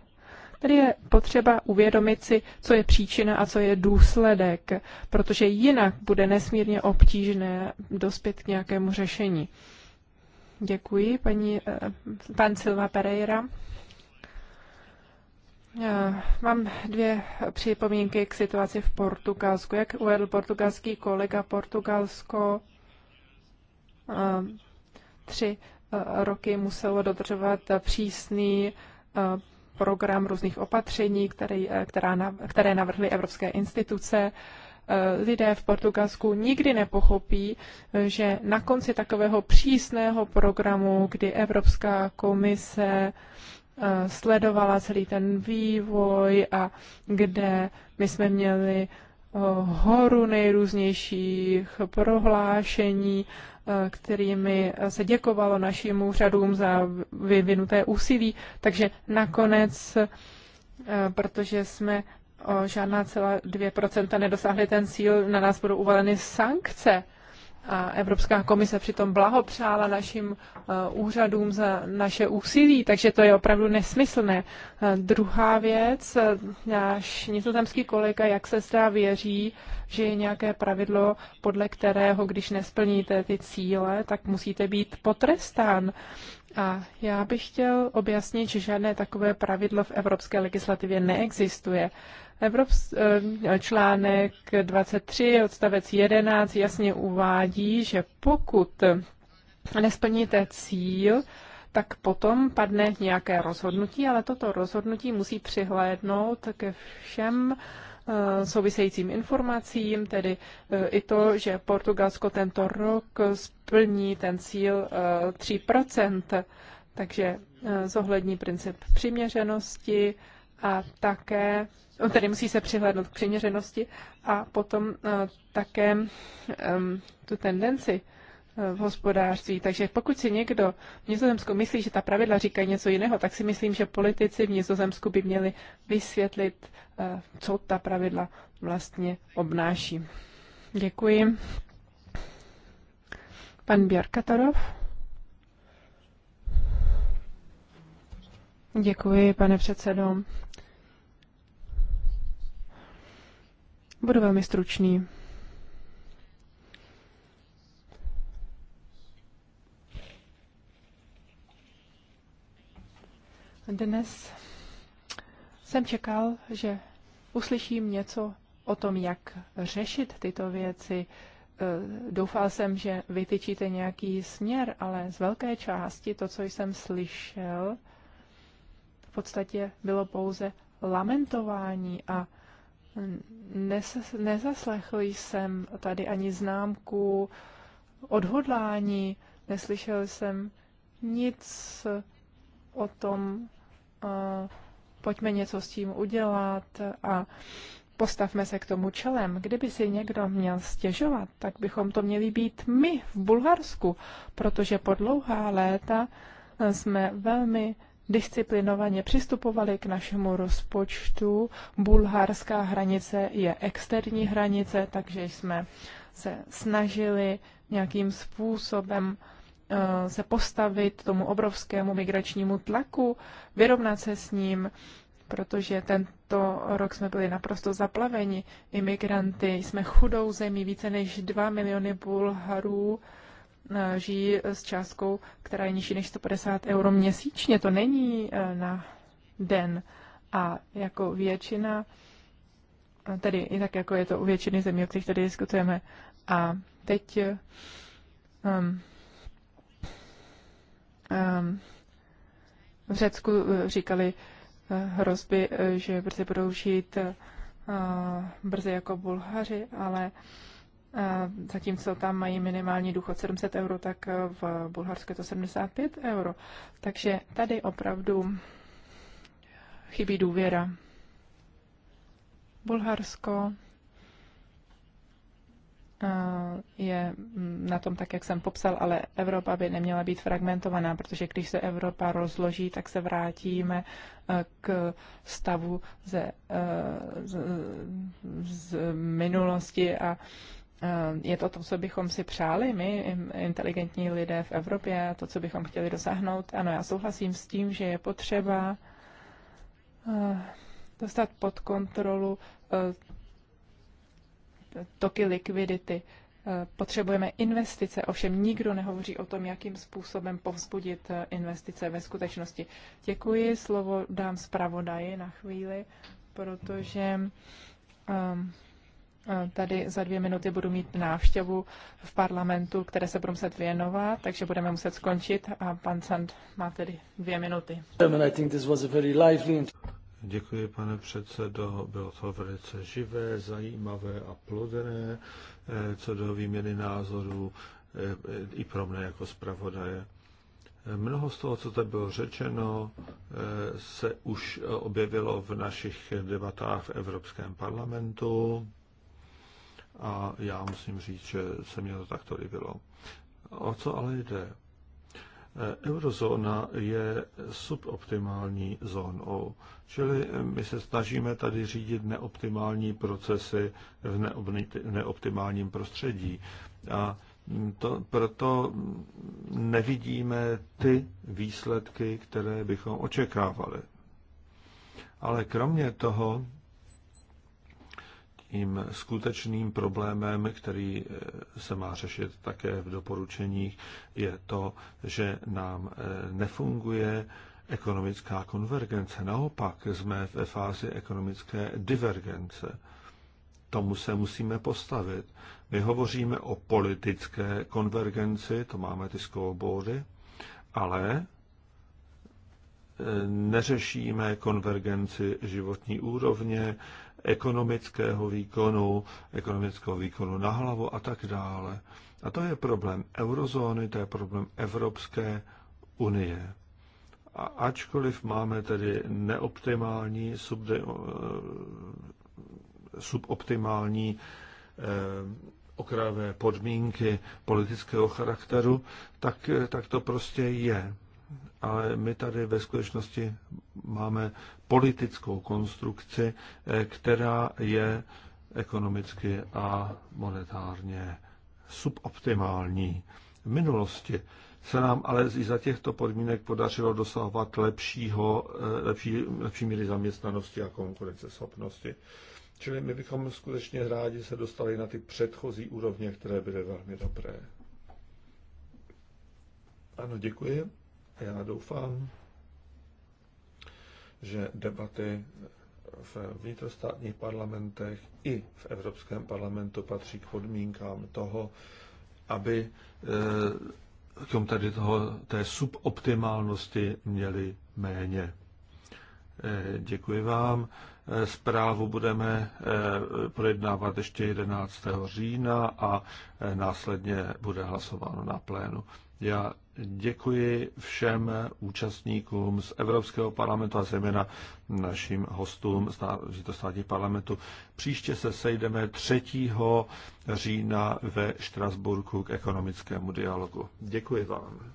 Tady je potřeba uvědomit si, co je příčina a co je důsledek, protože jinak bude nesmírně obtížné dospět k nějakému řešení. Děkuji, paní, eh, pan Silva Pereira. mám dvě připomínky k situaci v Portugalsku. Jak uvedl portugalský kolega, Portugalsko eh, tři eh, roky muselo dodržovat přísný program různých opatření, která, které navrhly evropské instituce. Eh, lidé v Portugalsku nikdy nepochopí, eh, že na konci takového přísného programu, kdy Evropská komise eh, sledovala celý ten vývoj a kde my jsme měli horu nejrůznějších prohlášení, kterými se děkovalo našim úřadům za vyvinuté úsilí. Takže nakonec, protože jsme o žádná celá 2% nedosáhli ten cíl, na nás budou uvaleny sankce. A Evropská komise přitom blahopřála našim eh, úřadům za naše úsilí, takže to je opravdu nesmyslné. Eh, druhá věc, eh, náš nizozemský kolega, jak se zdá, věří, že je nějaké pravidlo, podle kterého, když nesplníte ty cíle, tak musíte být potrestán. A já bych chtěl objasnit, že žádné takové pravidlo v evropské legislativě neexistuje. Evrops, eh, článek 23 odstavec 11 jasně uvádí, že pokud nesplníte cíl, tak potom padne nějaké rozhodnutí, ale toto rozhodnutí musí přihlédnout ke všem eh, souvisejícím informacím, tedy eh, i to, že Portugalsko tento rok splní ten cíl 3 takže zohlední princip přiměřenosti, a také, no, tedy musí se přihlédnout k přiměřenosti a potom eh, také ehm, tu tendenci eh, v hospodářství. Takže pokud si někdo v Nizozemsku myslí, že ta pravidla říkají něco jiného, tak si myslím, že politici v Nizozemsku by měli vysvětlit, eh, co ta pravidla vlastně obnáší. Děkuji. Pan Bjarkatarov. Děkuji, pane předsedo. Budu velmi stručný. Dnes jsem čekal, že uslyším něco o tom, jak řešit tyto věci. E, doufal jsem, že vytyčíte nějaký směr, ale z velké části to, co jsem slyšel, v podstatě bylo pouze lamentování a Nes, nezaslechl jsem tady ani známku odhodlání, neslyšel jsem nic o tom, uh, pojďme něco s tím udělat a postavme se k tomu čelem. Kdyby si někdo měl stěžovat, tak bychom to měli být my v Bulharsku, protože po dlouhá léta jsme velmi disciplinovaně přistupovali k našemu rozpočtu. Bulharská hranice je externí hranice, takže jsme se snažili nějakým způsobem eh, se postavit tomu obrovskému migračnímu tlaku, vyrovnat se s ním, protože tento rok jsme byli naprosto zaplaveni imigranty. Jsme chudou zemí, více než 2 miliony Bulharů Eh, žijí s částkou, která je nižší než 150 euro měsíčně. To není eh, na den. A jako většina, eh, tedy i tak jako je to u většiny zemí, o kterých tady diskutujeme. A teď um, um, v Řecku říkali hrozby, že brzy budou žít uh, brzy jako Bulhaři, ale zatímco tam mají minimální důchod 700 euro, tak v Bulharsku je to 75 euro. Takže tady opravdu chybí důvěra. Bulharsko je na tom tak, jak jsem popsal, ale Evropa by neměla být fragmentovaná, protože když se Evropa rozloží, tak se vrátíme k stavu ze, z, z minulosti a Eh, je to to, co bychom si přáli my, inteligentní lidé v Evropě, to, co bychom chtěli dosáhnout. Ano, já souhlasím s tím, že je potřeba eh, dostat pod kontrolu eh, toky likvidity. Potřebujeme investice, ovšem nikdo nehovoří o tom, jakým způsobem povzbudit investice ve skutečnosti. Děkuji, slovo dám zpravodaji na chvíli, protože um, Tady za dvě minuty budu mít návštěvu v parlamentu, které se budu muset věnovat, takže budeme muset skončit a pan Sand má tedy dvě minuty. Děkuji, pane předsedo. Bylo to velice živé, zajímavé a plodné. Eh, co do výměny názorů eh, i pro mne jako zpravodaje. Mnoho z toho, co tady bylo řečeno, eh, se už objevilo v našich debatách v Evropském parlamentu a já musím říct, že se mě to takto líbilo. O co ale jde? E, eurozóna je suboptimální zónou, čili my se snažíme tady řídit neoptimální procesy v neoptimálním prostředí. A to, proto nevidíme ty výsledky, které bychom očekávali. Ale kromě toho tím skutečným problémem, který eh, se má řešit také v doporučeních, je to, že nám eh, nefunguje ekonomická konvergence. Naopak jsme ve fázi ekonomické divergence. Tomu se musíme postavit. My hovoříme o politické konvergenci, to máme ty scoreboardy, ale eh, neřešíme konvergenci životní úrovně, ekonomického výkonu, ekonomického výkonu na hlavu a tak dále. A to je problém eurozóny, to je problém Evropské unie. A ačkoliv máme tedy neoptimální, subde, eh, suboptimální eh, okrajové podmínky politického charakteru, tak, eh, tak to prostě je ale my tady ve skutečnosti máme politickou konstrukci, eh, která je ekonomicky a monetárně suboptimální. V minulosti se nám ale i za těchto podmínek podařilo dosahovat lepšího, eh, lepší, lepší míry zaměstnanosti a konkurenceschopnosti. Čili my bychom skutečně rádi se dostali na ty předchozí úrovně, které byly velmi dobré. Ano, děkuji. A já doufám, že debaty v vnitrostátních parlamentech i v Evropském parlamentu patří k podmínkám toho, aby k eh, tomu tady toho, té suboptimálnosti měli méně. Eh, děkuji vám. Eh, zprávu budeme projednávat ještě 11. října a následně bude hlasováno na plénu. Já děkuji všem účastníkům z Evropského parlamentu a zejména našim hostům z státních parlamentu. Příště se sejdeme 3. října ve Štrasburku k ekonomickému dialogu. Děkuji vám.